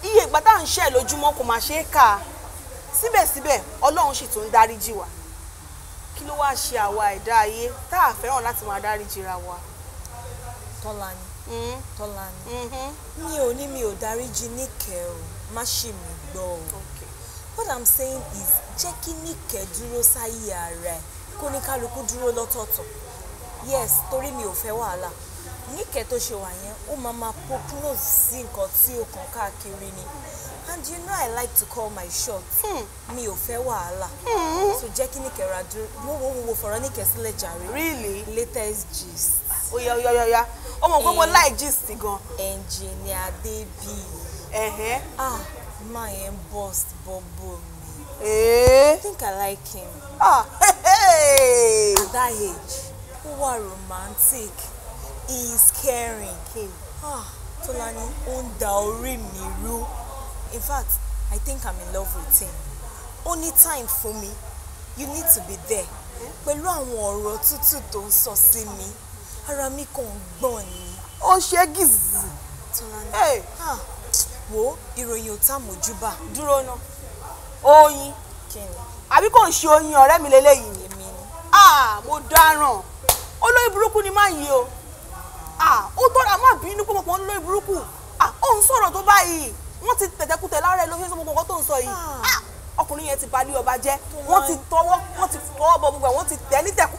Speaker 11: iye ìgbà tá à ń ṣe lójúmọ́ kò máa ṣe é kà á síbẹ̀síbẹ̀ ọlọ́run sì tún ń dáríjì wa kí ló wáá ṣe àwa ẹ̀dá ayé tá a fẹ́ràn láti máa dáríjì ra wa. tọ́lá ni hmm? tọ́lá ni hmm? mi ò ní mi ò dáríjì níkẹ́ o má ṣì mí gbọ́ o what i'm saying is jẹ́ kí níkẹ́ dúró sáyé ara ẹ̀ kó ní kálukú dúró lọ́tọ̀ọ̀tọ̀ yes torí mi ò fẹ́ wàhálà níkẹ́ tó ṣe wà yẹn ó máa ma po close sí nǹkan tí ó kàn káàkiri ni and you know i like to call my shot hmm. mi ò fẹ́ wàhálà hmm. so jẹ́ kí níkẹ́ ra dúró wo wo wo fọ̀rọ̀ níkẹ́ sílẹ̀ jàre really latest gist. Ah, oya oya oya ọmọ gbogbo láì gist gan. engineer Adébíyì. Uh -huh. ah man yẹn burst bubble mi. Ee. Eh? I think I like him. Ah. Hey. At that age, who wà romantic, he is caring. Hey. Hmm. Ah, Tolani ó ń da orí mi rú. In fact, I think I'm in love with him. Only time fún mi. You need to be there. Pẹ̀lú àwọn ọ̀rọ̀ tútù tó ń sọ sí mi, ara mi kàn ń gbọ̀n ni. Ó ṣe gìzì.
Speaker 5: Tolani. Hey.
Speaker 11: Ah wo ìròyìn ò tá mojúbà. dúró ná oyin àbí kò ń ṣe oyin ọ̀rẹ́ mi lélẹ́yìí ni mi ni. mo dáràn olóyè burúkú ni má yí o ó tọ́ra má bínú pé mo pọ̀ ń lóyè burúkú ó ń sọ̀rọ̀ tó báyìí wọ́n ti tẹ̀tẹ̀kùtẹ̀ lára ẹ̀ lóṣooṣù gbogbo nǹkan tó ń sọ yìí ọkùnrin yẹn ti balẹ̀ ọba jẹ́ wọ́n ti tọwọ́ wọ́n ti fọwọ́ bọ gbogbo ẹ̀ wọ́n ti tẹ̀ ní tẹ̀kù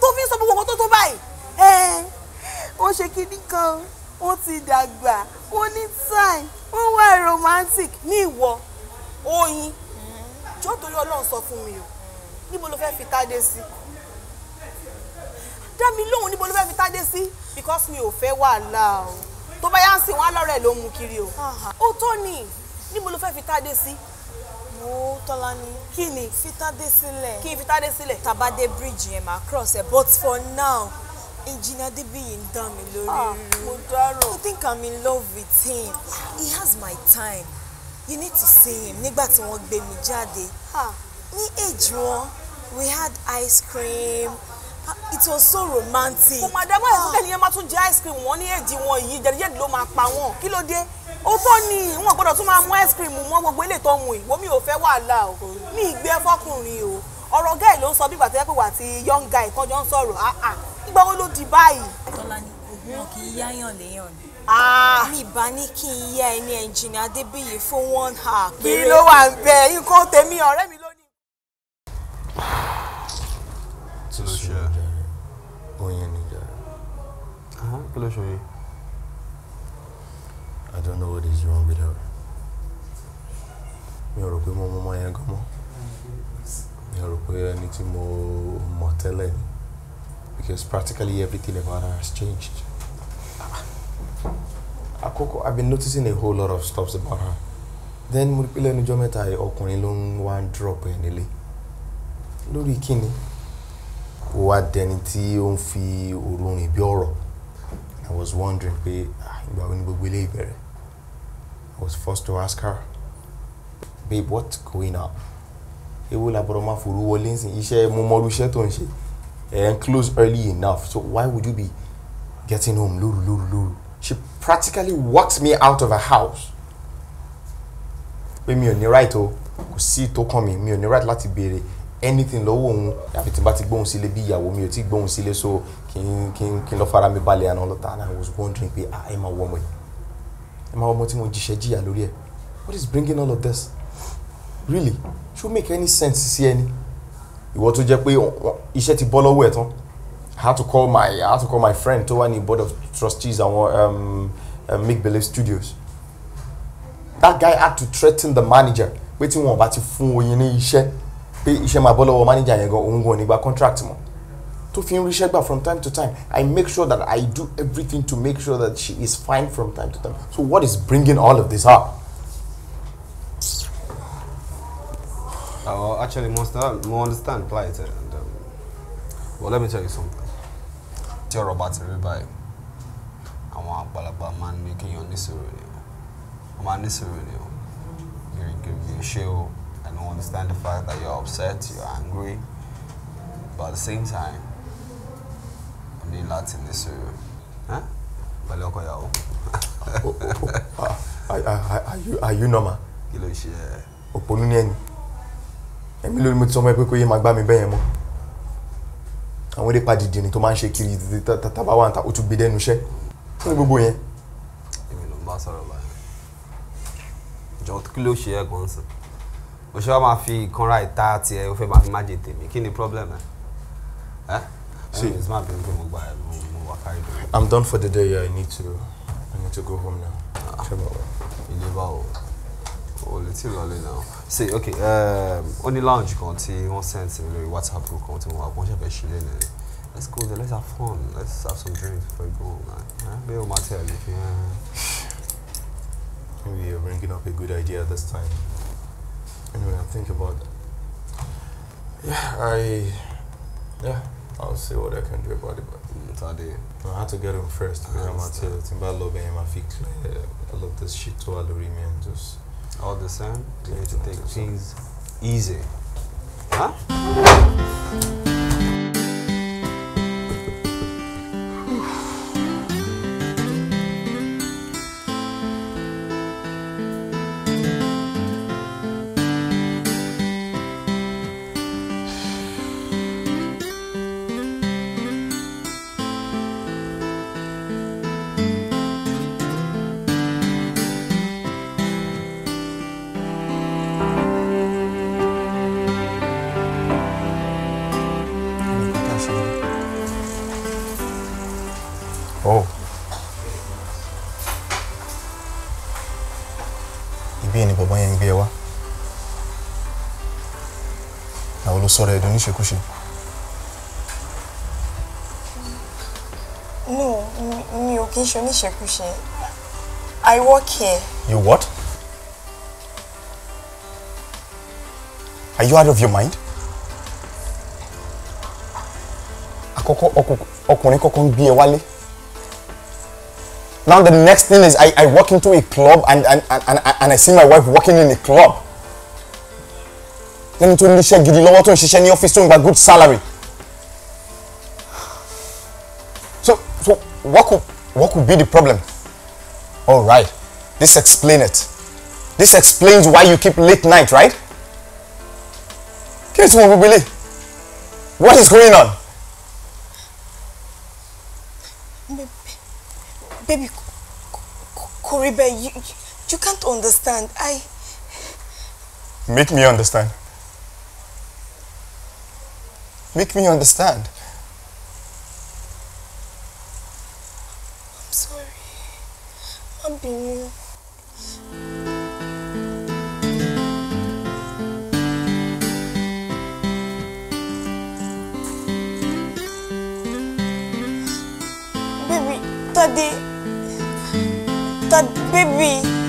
Speaker 11: tó fi ń sọ gbogbo nǹkan tó tó báyìí ó ṣe kinní kan ó ti dàgbà ó ní time ó wà romantic ní ìwọ oyin tí ó torí ọlọ́run sọ fún mi o níbo ló fẹ́ fi tádé sí dá mi lóhùn níbo ló fẹ́ fi tádé sí because mi ò fẹ́ wàhálà o tó bá yá ń sìn wọn alọ́rẹ̀ ló mú kiri o ó tó ní níbo ló fẹ́ fi tádé sí wo Tọ́lání. kí ni. fi Tádé sílẹ̀. kí n fi Tádé sílẹ̀. tá bá dé bíríìjì yẹn máa cross ẹ̀ but for now Engineer Debiyin dá mi lórí rú. Ah, mo dárò. I think I'm in love with him. He has my time. You need to see him nígbà tí wọ́n gbé mi jáde. Ah. Ní èjì wọn, we had ice cream. It was so romantic. Mo máa dágbà ẹ̀sìn tẹ̀lé yẹn ah. máa tún jẹ ice cream wọ́n ní èjì wọn yìí jẹ̀díjẹ̀dì ló máa pa wọ́n. Kí ló dé? ó tó wọn gbọ́dọ̀ tún máa mú ice cream mọ gbogbo ilé tó mu ìwọ mi ò fẹ́ wàhálà o mi ì fọkùnrin o ọ̀rọ̀ guy ló ń sọ bí bàtẹ pé wà ti young guy kan jọ ń sọ̀rọ̀ ah ah gbọ́wó ló di báyìí. tọ́lání wọn kì í yáyàn léèyàn ni. Ah. mi ìbá ní kí n yá ẹni ẹnjìnì adébíyì fún one hour. kí ló wà bẹ nǹkan tèmi ọ̀rẹ́ mi lónìí.
Speaker 7: tí ló ṣe oyin ni jàre. kí ló ṣe oyin. I don't know what is wrong with her. mi ò rò pé mo mọ ọmọ yẹn gan mọ́ mi ò rò pé
Speaker 4: ẹni tí mo mọ̀ tẹ́lẹ̀ ni because practically everything about her has changed. Akoko, ah. I've been noticing a whole lot of stuff about her. Then mo rí pé lẹ́nu ọjọ́ mẹ́ta ọkùnrin ló ń wá ń drop ẹ̀ nílé. Lórí kíni? Ó wá dẹni tí ó ń fi òru rìn bí ọ̀rọ̀. I was wondering pé ah, ìgbà wo ni gbogbo eléyìí bẹ̀rẹ̀. I was forced to ask her, babe, what's going on? Ewu làbọ̀rọ̀ máa forú wọlé ń sìn iṣẹ́ mo mọ irú iṣẹ́ tó ń ṣe and eh, close early enough. So why would you be getting home lulu lulu lulu? She practically walked me out of her house. Pé mi ò ní right o, kò sí tó kàn mí, mi ò ní right láti béèrè anything lọ́wọ́ òun àfi tí n bá ti gbóhùn sílé bí ìyàwó mi ò tí gbóhùn sílé so kí n kí n kí n lọ fara mi balẹ̀ àná lọ́tà and I was wondering pé ah ẹ máa wọ ọmọ yìí ẹ máa wọ ọmọ tí mo jìṣẹ́ jìyà lórí ẹ̀ what is bringing all of this really should make any sense sí ẹni ìwọ tó jẹ́ pé iṣẹ́ ti bọ́ lọ́wọ́ ẹ̀ tán i had to call my i had to call my friend tó wà ní board of trustees àwọn um, uh, make believe studios that guy had to threaten the manager pé tí wọn bá ti fún oyin ní iṣẹ́ pé iṣẹ́ máa bọ́ lọ́wọ́ manager yẹn gan òun gan nígbà contract mọ́ tó fi ń ríṣẹ́ gbà from time to time i make sure that i do everything to make sure that she is fine from time to time so what is bringing all of this up. Oh, actually, most understand
Speaker 10: plight. And, um, well, let me tell you something. Tell ọ̀rọ̀ bá ti rí báyìí, àwọn àgbàlagbà máa ń ní kéèyàn níṣòro You give me a show, níṣòro I don't understand the fact that you're upset, you're angry. But at the same time, lots in this níṣòro. Huh? ọkọ ìyàwó.
Speaker 4: Are you Are Kí Are you normal? Òpònú ni ẹni èmi ló mo ti sọ fún ẹ pé kó yé máa gbá mi bẹ́yẹn mọ́ àwọn eré padìdì ni tó máa ń ṣe kiri tàbá wà níta ó tún gbé dẹ́nu iṣẹ́
Speaker 10: fún gbogbo yẹn. èmi ló ń bá sọ̀rọ̀ báyìí jọ kí ló ṣe ẹ̀gbọ́n sí o ṣe wá máa fi ìkanra ìta tiẹ̀ o fẹ́ máa fi má jẹ tèmi kí ni problem ẹ ẹ ṣe ẹ má bínú pé mo gba ẹ mo wà kárí
Speaker 7: dùn.
Speaker 4: I'm done for the day yeah, I need to I need to go home now. Ah. ilé báwo. o lè tí ì lọlé náà
Speaker 10: ṣe ok um, ó ní lounge kan tí wọ́n send sí mi lórí whatsapp group kan tí mo wà kó ń náà let's go there let's have fun let's have some drinks before we go
Speaker 4: man bẹ́ẹ̀ o máa tẹ̀ ẹ́ lè fi hàn. Maybe you're bringing up a good idea this time. Anyway, I'll think about Yeah, I. Yeah, I'll see what I can do about it. But it's mm, I had to get
Speaker 7: him first because I'm at Timba Lobby my feet clear. I love this shit to Alurimi and just. All the same, you need to take things easy. Huh?
Speaker 4: sọ̀rọ̀ ẹ̀dùn níṣekúṣe.
Speaker 1: no
Speaker 11: mi ò kì í ṣe oníṣekúṣe I work here.
Speaker 4: You what? Are you out of your mind? Àkọ́kọ́ ọkùnrin kọ́kọ́ ń gbé ẹ wálé. Now the next thing is I I walk into a club and and and and I see my wife walking in a club lẹ́ni tó níṣẹ́ gidi lọ́wọ́ tó ń ṣiṣẹ́ ní ọ́fíìsì tó ń gba good salary so so what could what could be the problem all right this explain it this explains why you keep late night right kí ni tí mo gbogbo ilé what is going on.
Speaker 11: baby Koribe, you, you can't understand.
Speaker 4: I. Make me understand. Make me understand.
Speaker 1: I'm sorry. I'm being you, Baby,
Speaker 11: daddy, dad, baby.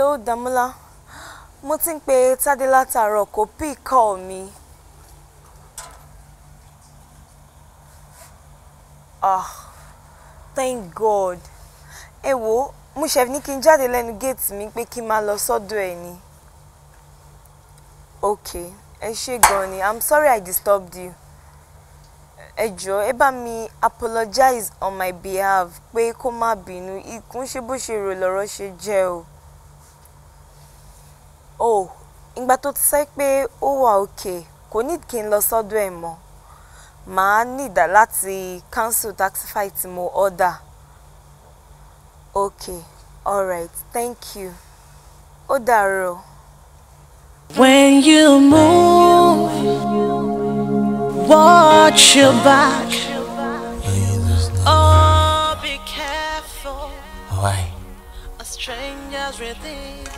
Speaker 11: hello Damola. mo ti ń pe Tádé látàárọ̀ kò pí ìkọ́ mi. ah thank God ẹ wo mo ṣe ní kí n jáde lẹ́nu géètì mi pé kí n máa lọ sọ́dọ̀ ẹ̀ ni. ok ẹ ṣe gan ni i'm sorry i disturbed you. ẹ jọ̀ọ́ ẹ bá mi apologize on my behalf pé kó má bínú ikùn ṣe bó ṣe rò lọ́rọ̀ ṣe jẹ́ o oh ìgbà tó ti sẹ́ pé ó wà òkè kò ní kí n lọ sọ́dọ̀ ẹ̀ mọ́ màá nídà láti cancel taxify tí mo order okay alright thank you ó dàárọ̀.
Speaker 5: when you move watch your back.
Speaker 2: Oh, be careful.
Speaker 1: Why?
Speaker 5: A stranger's within.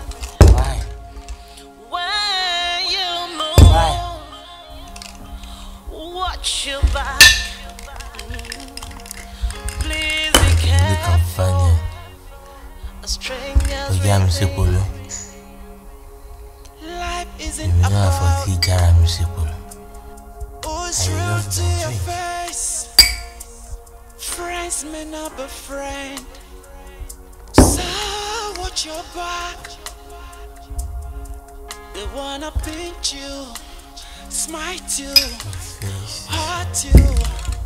Speaker 5: Watch your back.
Speaker 3: Please
Speaker 7: polo. Èmi not fọ kí gára mi ṣe polo. I love to face. Friends may not be friends. So
Speaker 9: watch your back. They wanna pinch you smite you, hurt you.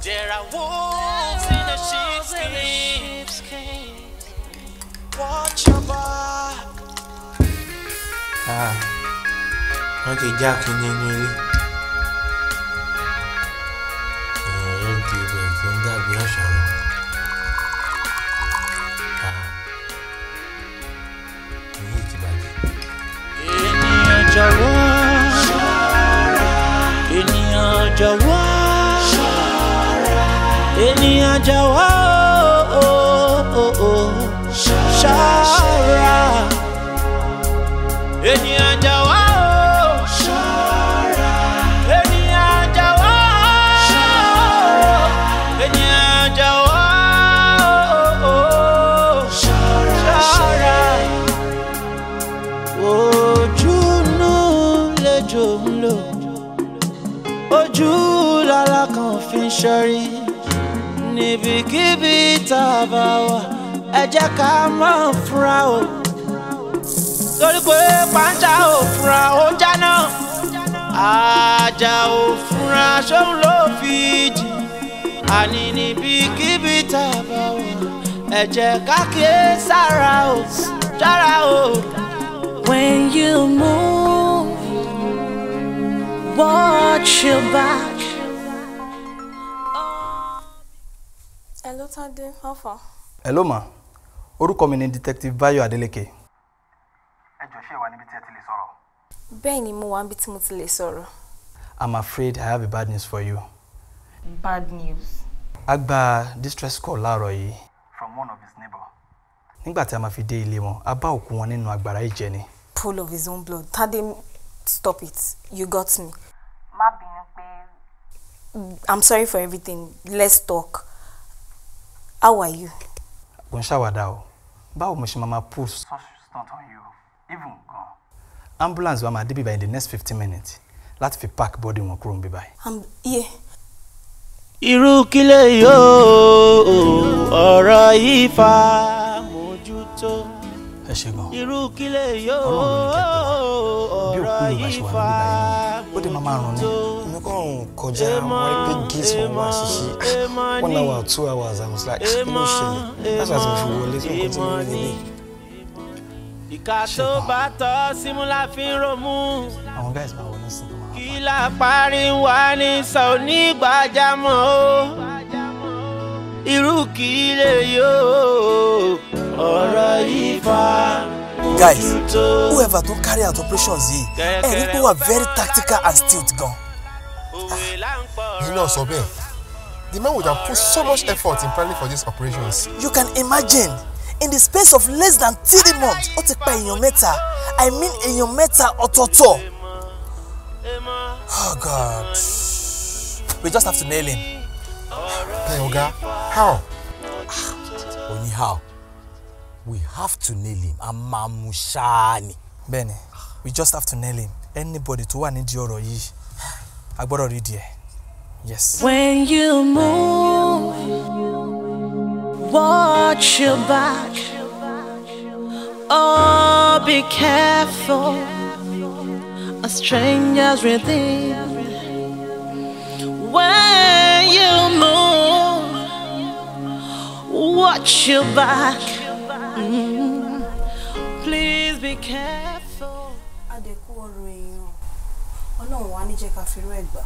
Speaker 9: There are
Speaker 1: wolves in the
Speaker 9: sheep's cage. Watch
Speaker 1: your back. Ah, wọ́n
Speaker 7: ti já kí nínú
Speaker 9: jọ̀wọ́ oh, oh, oh, ṣọ́ra ènìyàn jọ̀wọ́ ṣọ́ra ènìyàn. ṣorí níbikíbi tá a bá wà ká máa fura o torí pé pàǹtà ò fura ó jáná àjà ò fura ṣóun ló fi jì àní níbikíbi tá a bá wà ẹ jẹ́ ká sára o sára o. When you move,
Speaker 5: watch your back.
Speaker 11: Hello, Tade. How far?
Speaker 3: Hello, ma. Orúkọ mi ni Detective Bayo Adeleke.
Speaker 11: Ẹ jọ̀ọ́ ṣé ẹ wà níbi tí ẹ ti lè sọ̀rọ̀? Bẹ́ẹ̀ ni mo wà níbi tí mo ti lè sọ̀rọ̀.
Speaker 3: I'm afraid I have a bad news for you.
Speaker 11: Bad news?
Speaker 3: A gba distress call láàárọ̀ yìí.
Speaker 11: From one of his neighbor.
Speaker 3: Nígbà tí a máa fi dé ilé wọn, a bá òkú wọn nínú agbára ìjẹ ni.
Speaker 11: Pool of his own blood. Tade, stop it. You got me. Má bínú pé. I'm sorry for everything. Let's talk how are you.
Speaker 3: kò ń ṣàwàdà o báwo mo ṣe máa ma such stunt on you even gan. ambulance wa máa débi by in the next 15 minutes láti fi park body wọn kúrò níbí báyìí. am um, iye. irú kílẹ̀ yóò ọ̀rọ̀ yìí fa mójútó. ẹ ṣe gan. irú kílẹ̀ yóò ọ̀rọ̀ yìí fa mójútó. ó dé máa máa rún ni náà kọjá àwọn ẹgbẹ́ gate wọn wá ṣiṣẹ́ ah, one hour two hours I was like ah, kí ló ṣẹlẹ̀ that's why I fi wọlé sí nǹkan tí mo rí ìka tó bá tọ́ símú la fi ń romú. guys
Speaker 9: kí la parí wa ní sọ̀nígbàjámọ̀ o irú kì lè yó ọ̀rọ̀ yìí fa guys
Speaker 3: whoever don carry out operations yìí
Speaker 1: eh, people pé
Speaker 3: very tactical and stealth gan. You know, Sobe, the man would have put so much effort in planning for these operations. You can imagine. In the space of less than three months, ó ti pa èèyàn mẹ́ta. I mean èèyàn mẹ́ta ọ̀tọ̀ọ̀tọ̀. Oh God. We just have to nail him. Hey, Oga, how? Ah, Only how? We have to nail him. Amamushani. Bẹ́ẹ̀ni, we just have to nail him. Anybody to wà nídìí ọ̀rọ̀ a gbọ́dọ̀ rí díẹ̀ yes.
Speaker 5: when you move watch your back oh be careful a stranger's within when you move watch your back mm -hmm. please be careful.
Speaker 11: ọlọ́run wa ní jẹ́ ká fi irú ẹ̀ gbà.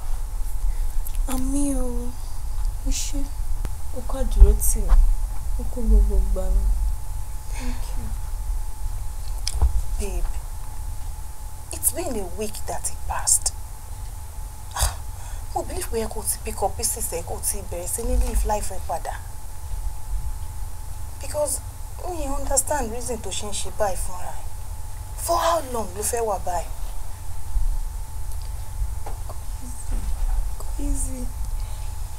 Speaker 11: àmì o ó ṣe ó kọ́ dúró tì mí ó kó gbogbo gbà mí. babe it's been a week that it passed. Ah, mo believe pé ẹ kò ti pick up pieces ẹ kò ti bẹ̀rẹ̀ sí ní live life ẹ padà because mi understand reason tó ṣe ń ṣe báyìí fúnra ẹ for how long ló fẹ́ wà báyìí. easy.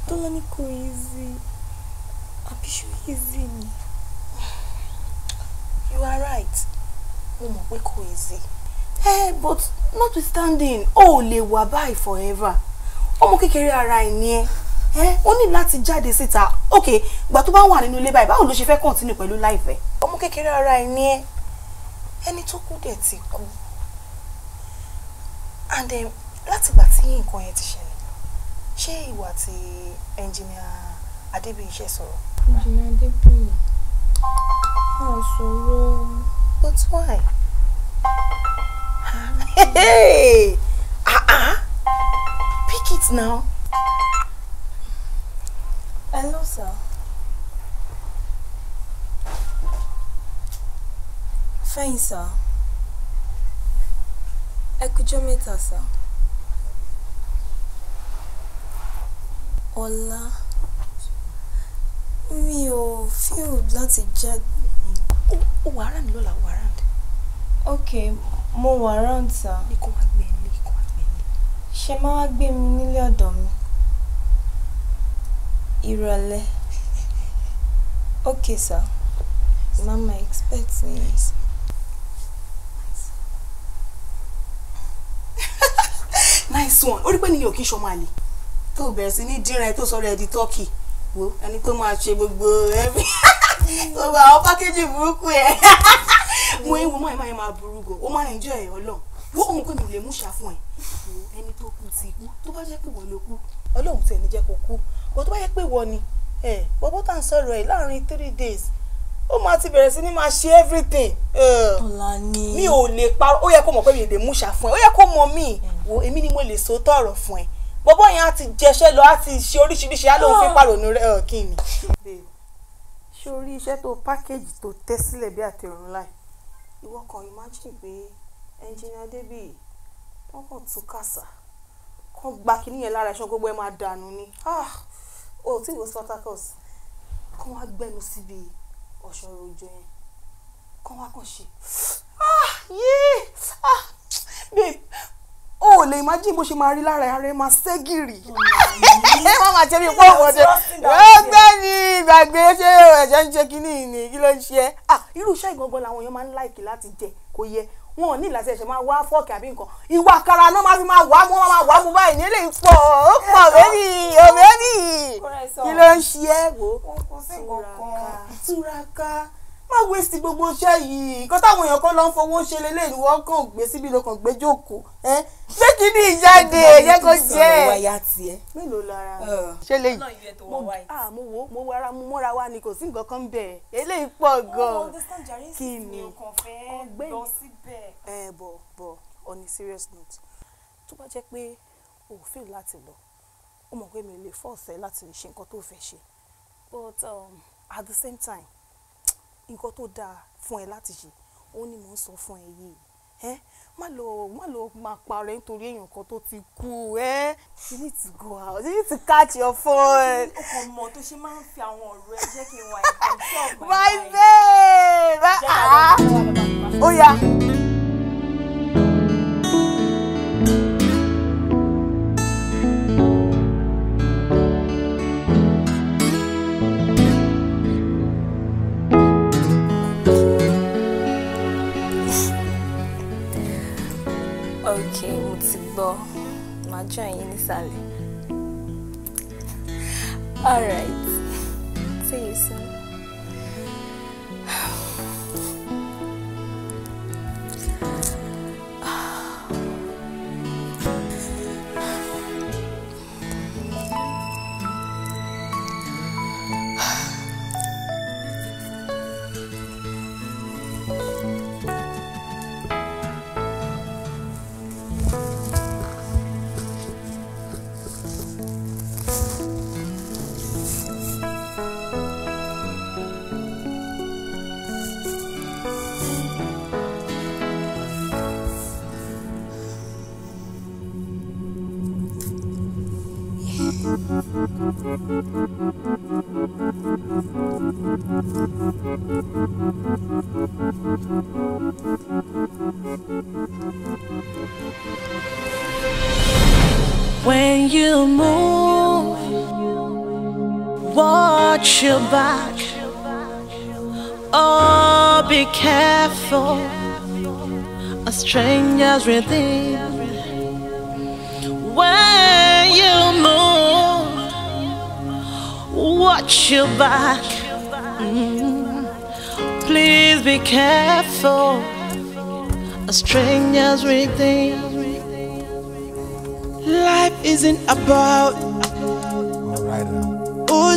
Speaker 11: Tolani kò easy. Abishu easy ni. You are right. Mo mọ̀ pé kò easy. Eh, but notwithstanding, oh, ò lè wà forever. Ọmọ kékeré ara ẹ̀ ni ẹ́. Eh, ó ní láti jáde síta. Okay, ìgbà tó bá wà nínú ilé báyìí, báwo ló ṣe fẹ́ continue pẹ̀lú life ẹ̀? Ọmọ kékeré ara ẹ̀ ni ẹ́. Ẹni to kú dẹ̀ ti kú. And then, látìgbà tí nǹkan yẹn ti ṣẹlẹ̀ ṣé ìwà ti ẹnjìnìà adébíyí ṣe sọ̀rọ̀. ẹnjìnìà adébíyí náà sọ̀rọ̀
Speaker 5: but why. hey! ah ah pick it now.
Speaker 11: hello sir. fẹ́yìn sir ẹ kújọ́ mẹ́ta sir. Ọlá, mi ò feel láti jáde. Ó wà around lọ́la, ó wà around. Okay, mo wà around sir. Ní kó wá gbé ilé, kó wá gbé ilé. Ṣé máa wá gbé mi nílé ọ̀dọ̀ mi? Ìrọ̀lẹ́. Okay sir, mama expect me. nice one ó rí pé nìyẹn ò kí ń ṣọmọ àlè tó bẹ̀rẹ̀ sí ní dínra ẹ tó sọ rẹ̀ di tọ́kì wo ẹni tó máa ṣe gbogbo ẹbí gbogbo àwọn pákéjì burúkú ẹ mo ń wo mọ́ ẹ máa máa burú go ó máa enjoy ẹ ọlọ́run wọ́n òun pé mi lè mú ṣàfún ẹ ẹni tó kú ti kú tó bá jẹ́ pé wọ́n ló kú ọlọ́run tẹ̀ ní jẹ́ kó kú kó tó bá jẹ́ pé wọ́n ni ẹ bọ́bọ́ tá à sọ̀rọ̀ ẹ láàrin three days ó máa ti bẹ̀rẹ̀ sí ní máa ṣe everything mi ò lè parọ́ ó yẹ kó mọ̀ pé mi lè mú ṣàfún ẹ ó yẹ kó mọ̀ mí wo èmi ni mo lè sòótọ́ ọ̀rọ̀ fún ẹ bọ́bọ́ yẹn á ti jẹṣẹ́ lọ á ti ṣe oríṣiríṣi á lóun fi ah. pàrònú rẹ̀ ọ̀ kí ni. ṣé o rí iṣẹ́ tó pákéjì tó tẹ́ sílẹ̀ bí àtẹ̀rùn láì ìwọ kan imagine pé ẹnjìnìá débì wọn kàn tún kàṣà kàn gba kinní yẹn lára ẹṣọ gbogbo ẹ máa dànù ni ó ah! tí ìwọ spartacus kàn wá gbẹnu síbi ọ̀ṣọ́rọ̀ ojú yẹn kàn wá kàn ṣe ah, yéé babe o le imagine bó ṣe máa rí lára ara ẹ máa ségìrì mm-hmm. wọ́n máa tẹ́lẹ̀ pọ̀ wọ́dẹ ọgbẹ́ ni ìgbàgbé ṣé ẹ̀jẹ̀ ń ṣe kínní ni kí ló ń ṣe ẹ́ irú iṣẹ́ ìgangan làwọn èèyàn máa ń láìkì láti jẹ kó yẹ wọn ò ní ìlàsẹ̀ ẹ̀ṣẹ̀ máa wá fọ́ọ̀kì àbí nǹkan ìwà àkàrà náà máa fi máa wá mú máa wá mú báyìí nílé ìpọ̀ ó pọ̀ bẹ́ẹ̀ni ò kí ló ń ṣe ẹ́ wò
Speaker 1: túraká
Speaker 11: túraká má wéṣì gbogbo iṣẹ́ yìí nǹkan táwọn èèyàn kan lọ ń fowó ṣe lélẹ̀ ni wọ́n kàn gbé síbi ló kàn gbé jókòó ẹ ṣé kí ìjáde ẹ̀yẹ kò jẹ́ ẹ̀ mélòó lára ṣé lè ah, mo wo mo wara mo múra wa ni kò sí nǹkan kan bẹ̀ eléyìí pọ̀ gan oh, kí ni ọgbẹ́ni ẹ bọ̀ bọ̀ on a serious note tó bá jẹ́ pé òfin láti lọ ó pé mi lè fọ́ ọ̀sẹ̀ láti ṣe nǹkan tó fẹ́ ṣe but um, at the same time nǹkan tó dáa fún ẹ láti ṣe òun ni mò ń sọ fún ẹ yìí ẹ má lọ má lọ máa parẹ́ nítorí èèyàn kan tó ti kú ẹ you need to go out you need to catch your phone. ọkọ mọ
Speaker 2: tó ṣe máa ń fi àwọn ọ̀rọ̀ ẹ jẹ́ kí n wà ẹ̀ kàn tó ọ̀gbìn. my babe ah, ah,
Speaker 1: ah. ó yá.
Speaker 11: join yín Sally. All right. See you soon.
Speaker 5: back. Oh, be careful. A stranger's within. When you move, watch your back. Mm. Please be careful. A stranger's within.
Speaker 9: Life isn't about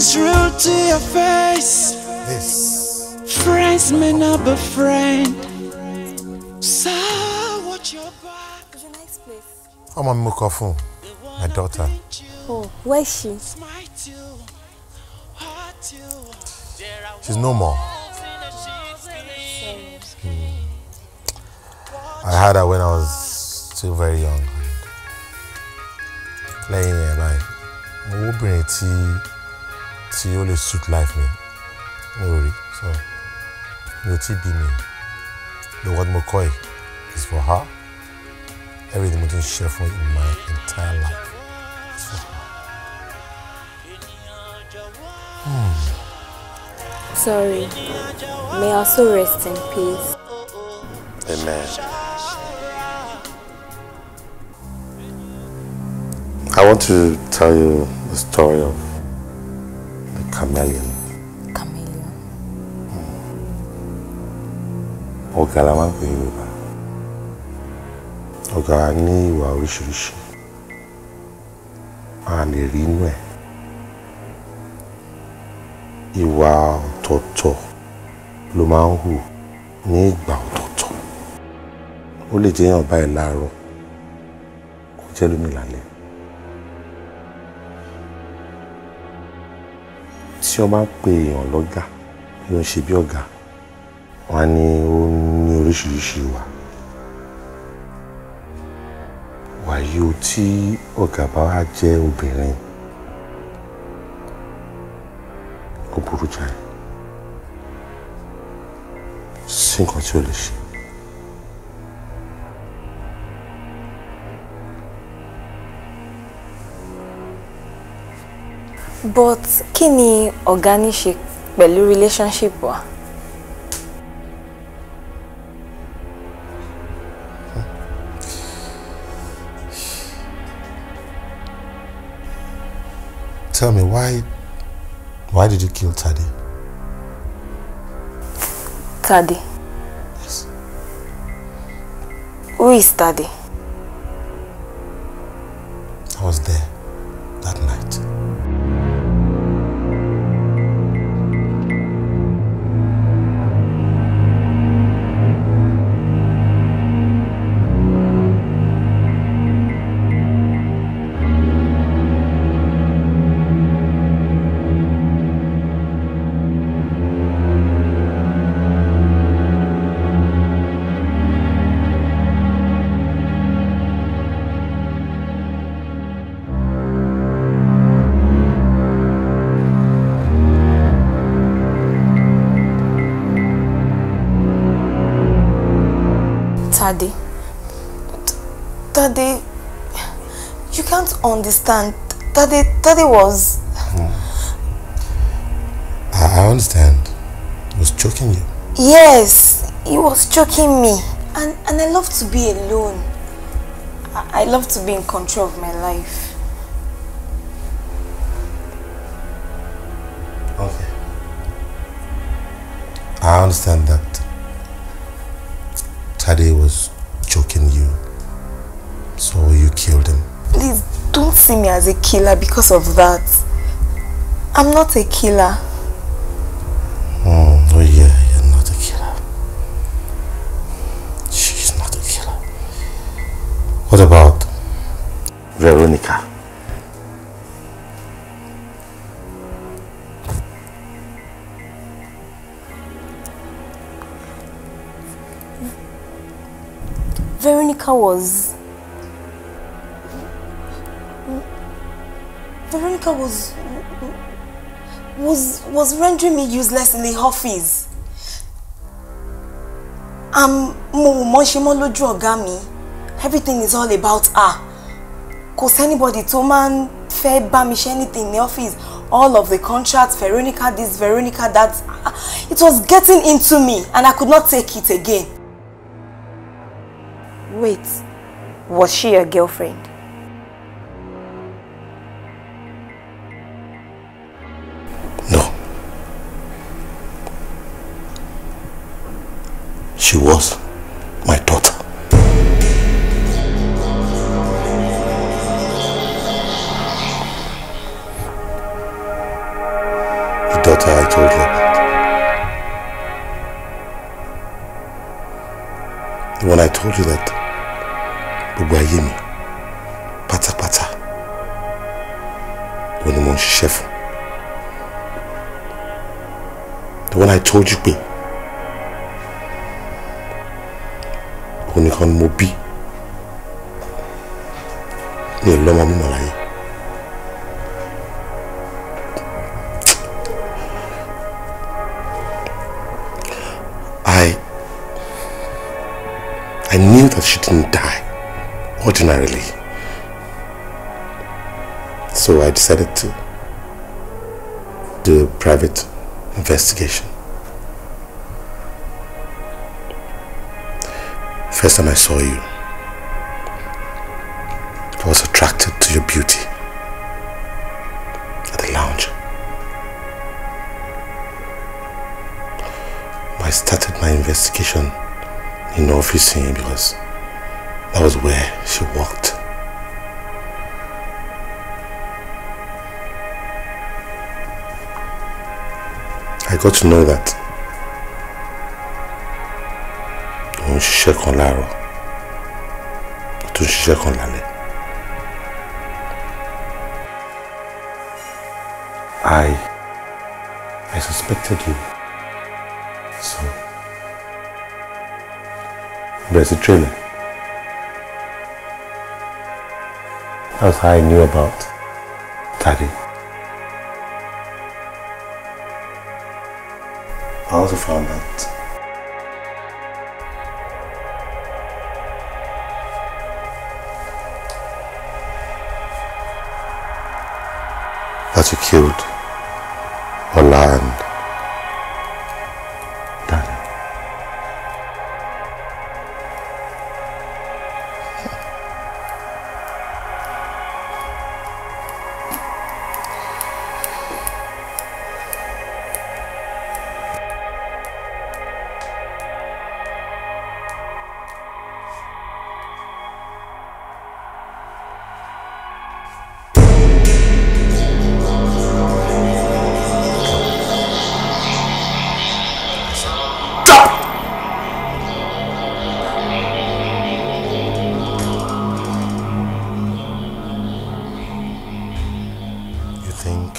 Speaker 9: is to your face.
Speaker 1: This.
Speaker 9: Friends may not be friend. So
Speaker 1: watch your back.
Speaker 13: I'm on Mukofun, my daughter. Oh, where is she? She's no more. Mm. I had her when I was still very young. lẹ́yìn ẹ̀ We'll bring a tea tí ó lè suit life mi mi ò rí so mi ò tí bí mi the word mo kọ́ is for her everything mo ti ń ṣe fún in my entire life is for
Speaker 1: her. Hmm.
Speaker 11: Sorry. May I also rest in peace.
Speaker 13: Amen. I want to tell you the story of chameleon. chameleon. Hmm. ọ̀gá la máa ń pè yorùbá ọ̀gá ní ìwà oríṣiríṣi a lè rí inú ẹ̀ ìwà ọ̀tọ̀ọ̀tọ̀ ló máa ń hù ní ìgbà ọ̀tọ̀ọ̀tọ̀ ó lè jẹ́ èèyàn báyìí láàárọ̀ kó jẹ́ lómi lálẹ́. tí wọ́n bá ń pe èèyàn lọ́gà ló ń ṣe bí ọ̀gá wọn á ní ó ní oríṣiríṣi ìwà wàyí o tí ọ̀gá bá wá jẹ́ obìnrin ó burú jáì sí nǹkan tí ó lè ṣe.
Speaker 11: but kí ni ọ̀gá ní ṣe pẹ̀lú relationship wa.
Speaker 13: Tell me why why did you kill Tade?
Speaker 11: Tade? Yes. Who is Tade? I was there. understand. Daddy, Daddy was...
Speaker 1: Hmm.
Speaker 13: I, understand. He was choking you.
Speaker 11: Yes, he was choking me. And, and I love to be alone. I, I love to be in control of my life. as a killer because of that. I'm not a killer. rendering me useless in the office. I'm more ò mọ̀ ṣe mọ́ Everything is all about her. 'Cause anybody, tó máa ń fẹ́ bá mi ṣe anything All of the contracts, Veronica this, Veronica that. It was getting into me and I could not take it again. Wait, was she your girlfriend?
Speaker 13: she was my daughter. The daughter I told you about. The one I told you that gbogbo ayé Pata pátápátá One ni mo ń ṣiṣẹ́ The one I told you pé. ni I I knew that she didn't die ordinarily so I decided to do a private investigation. First time I saw you, I was attracted to your beauty at the lounge. I started my investigation in officing because that was where she worked. I got to know that ṣiṣẹ́ kan láàárọ̀ ó tún ṣiṣẹ́ kan lálẹ́. I I suspected you so there's a trailer. that's how I knew about Tade. I also found that. killed or land. think,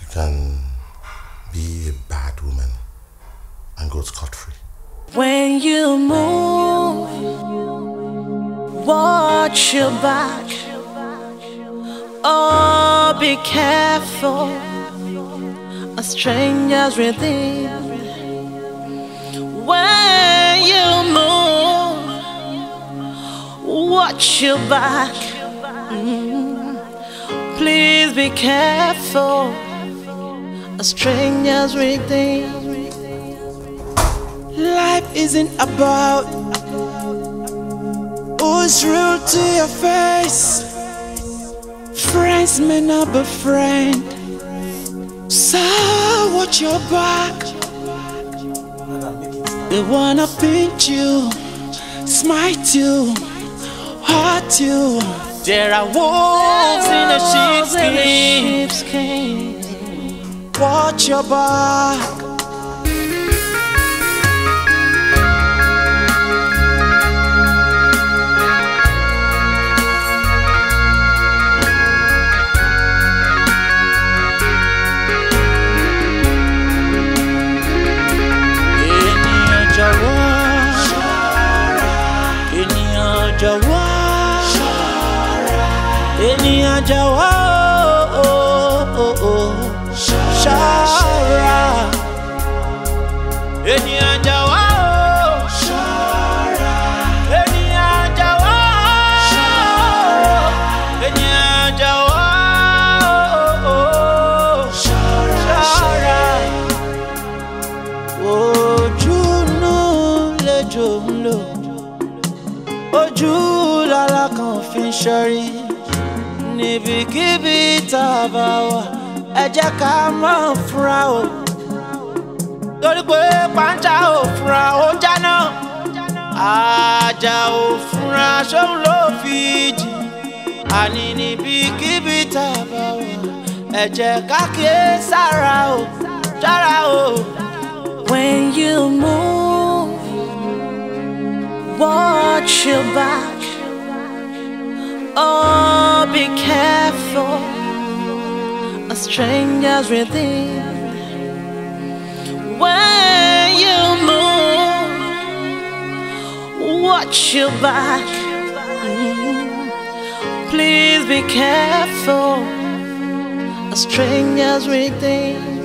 Speaker 13: you can be a bad woman
Speaker 5: and go scot free. When you move, watch your back. Oh, be careful. A stranger's within. When you move, watch your back please be careful. A stranger's waiting.
Speaker 9: Life isn't about who's rude to your face. Friends may not be friends. So watch your back. They wanna pinch you, smite you, hurt you. There are wolves in the sheep's cage. Watch your back. Jawa, Shara, Shara, Shara, Eni Eni Eni jọ̀wọ́ ṣọ́ra ènìyàn jọ̀wọ́. ojú lára kan fi ń ṣọ́rí ibikíbi tá a bá wà ẹ jẹ́ ká máa fura o torí pé pàǹtà ò fura ó jáná àjà ò fura ṣóun ló fi jì àní níbikíbi tá a bá wà ẹ jẹ́ sára o sára o. When you move, watch your
Speaker 5: back. Oh, be careful A stranger's within When you move Watch your back Please be careful
Speaker 9: A stranger's within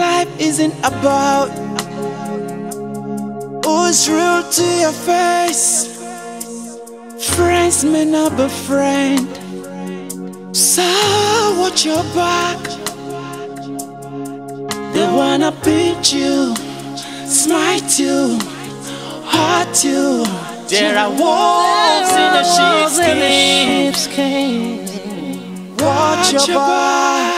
Speaker 9: Life isn't about Who's real to your face Friends may not be friend So watch your back They wanna beat you Smite you Hurt you
Speaker 3: There are wolves in the
Speaker 1: sheep's cage Watch your back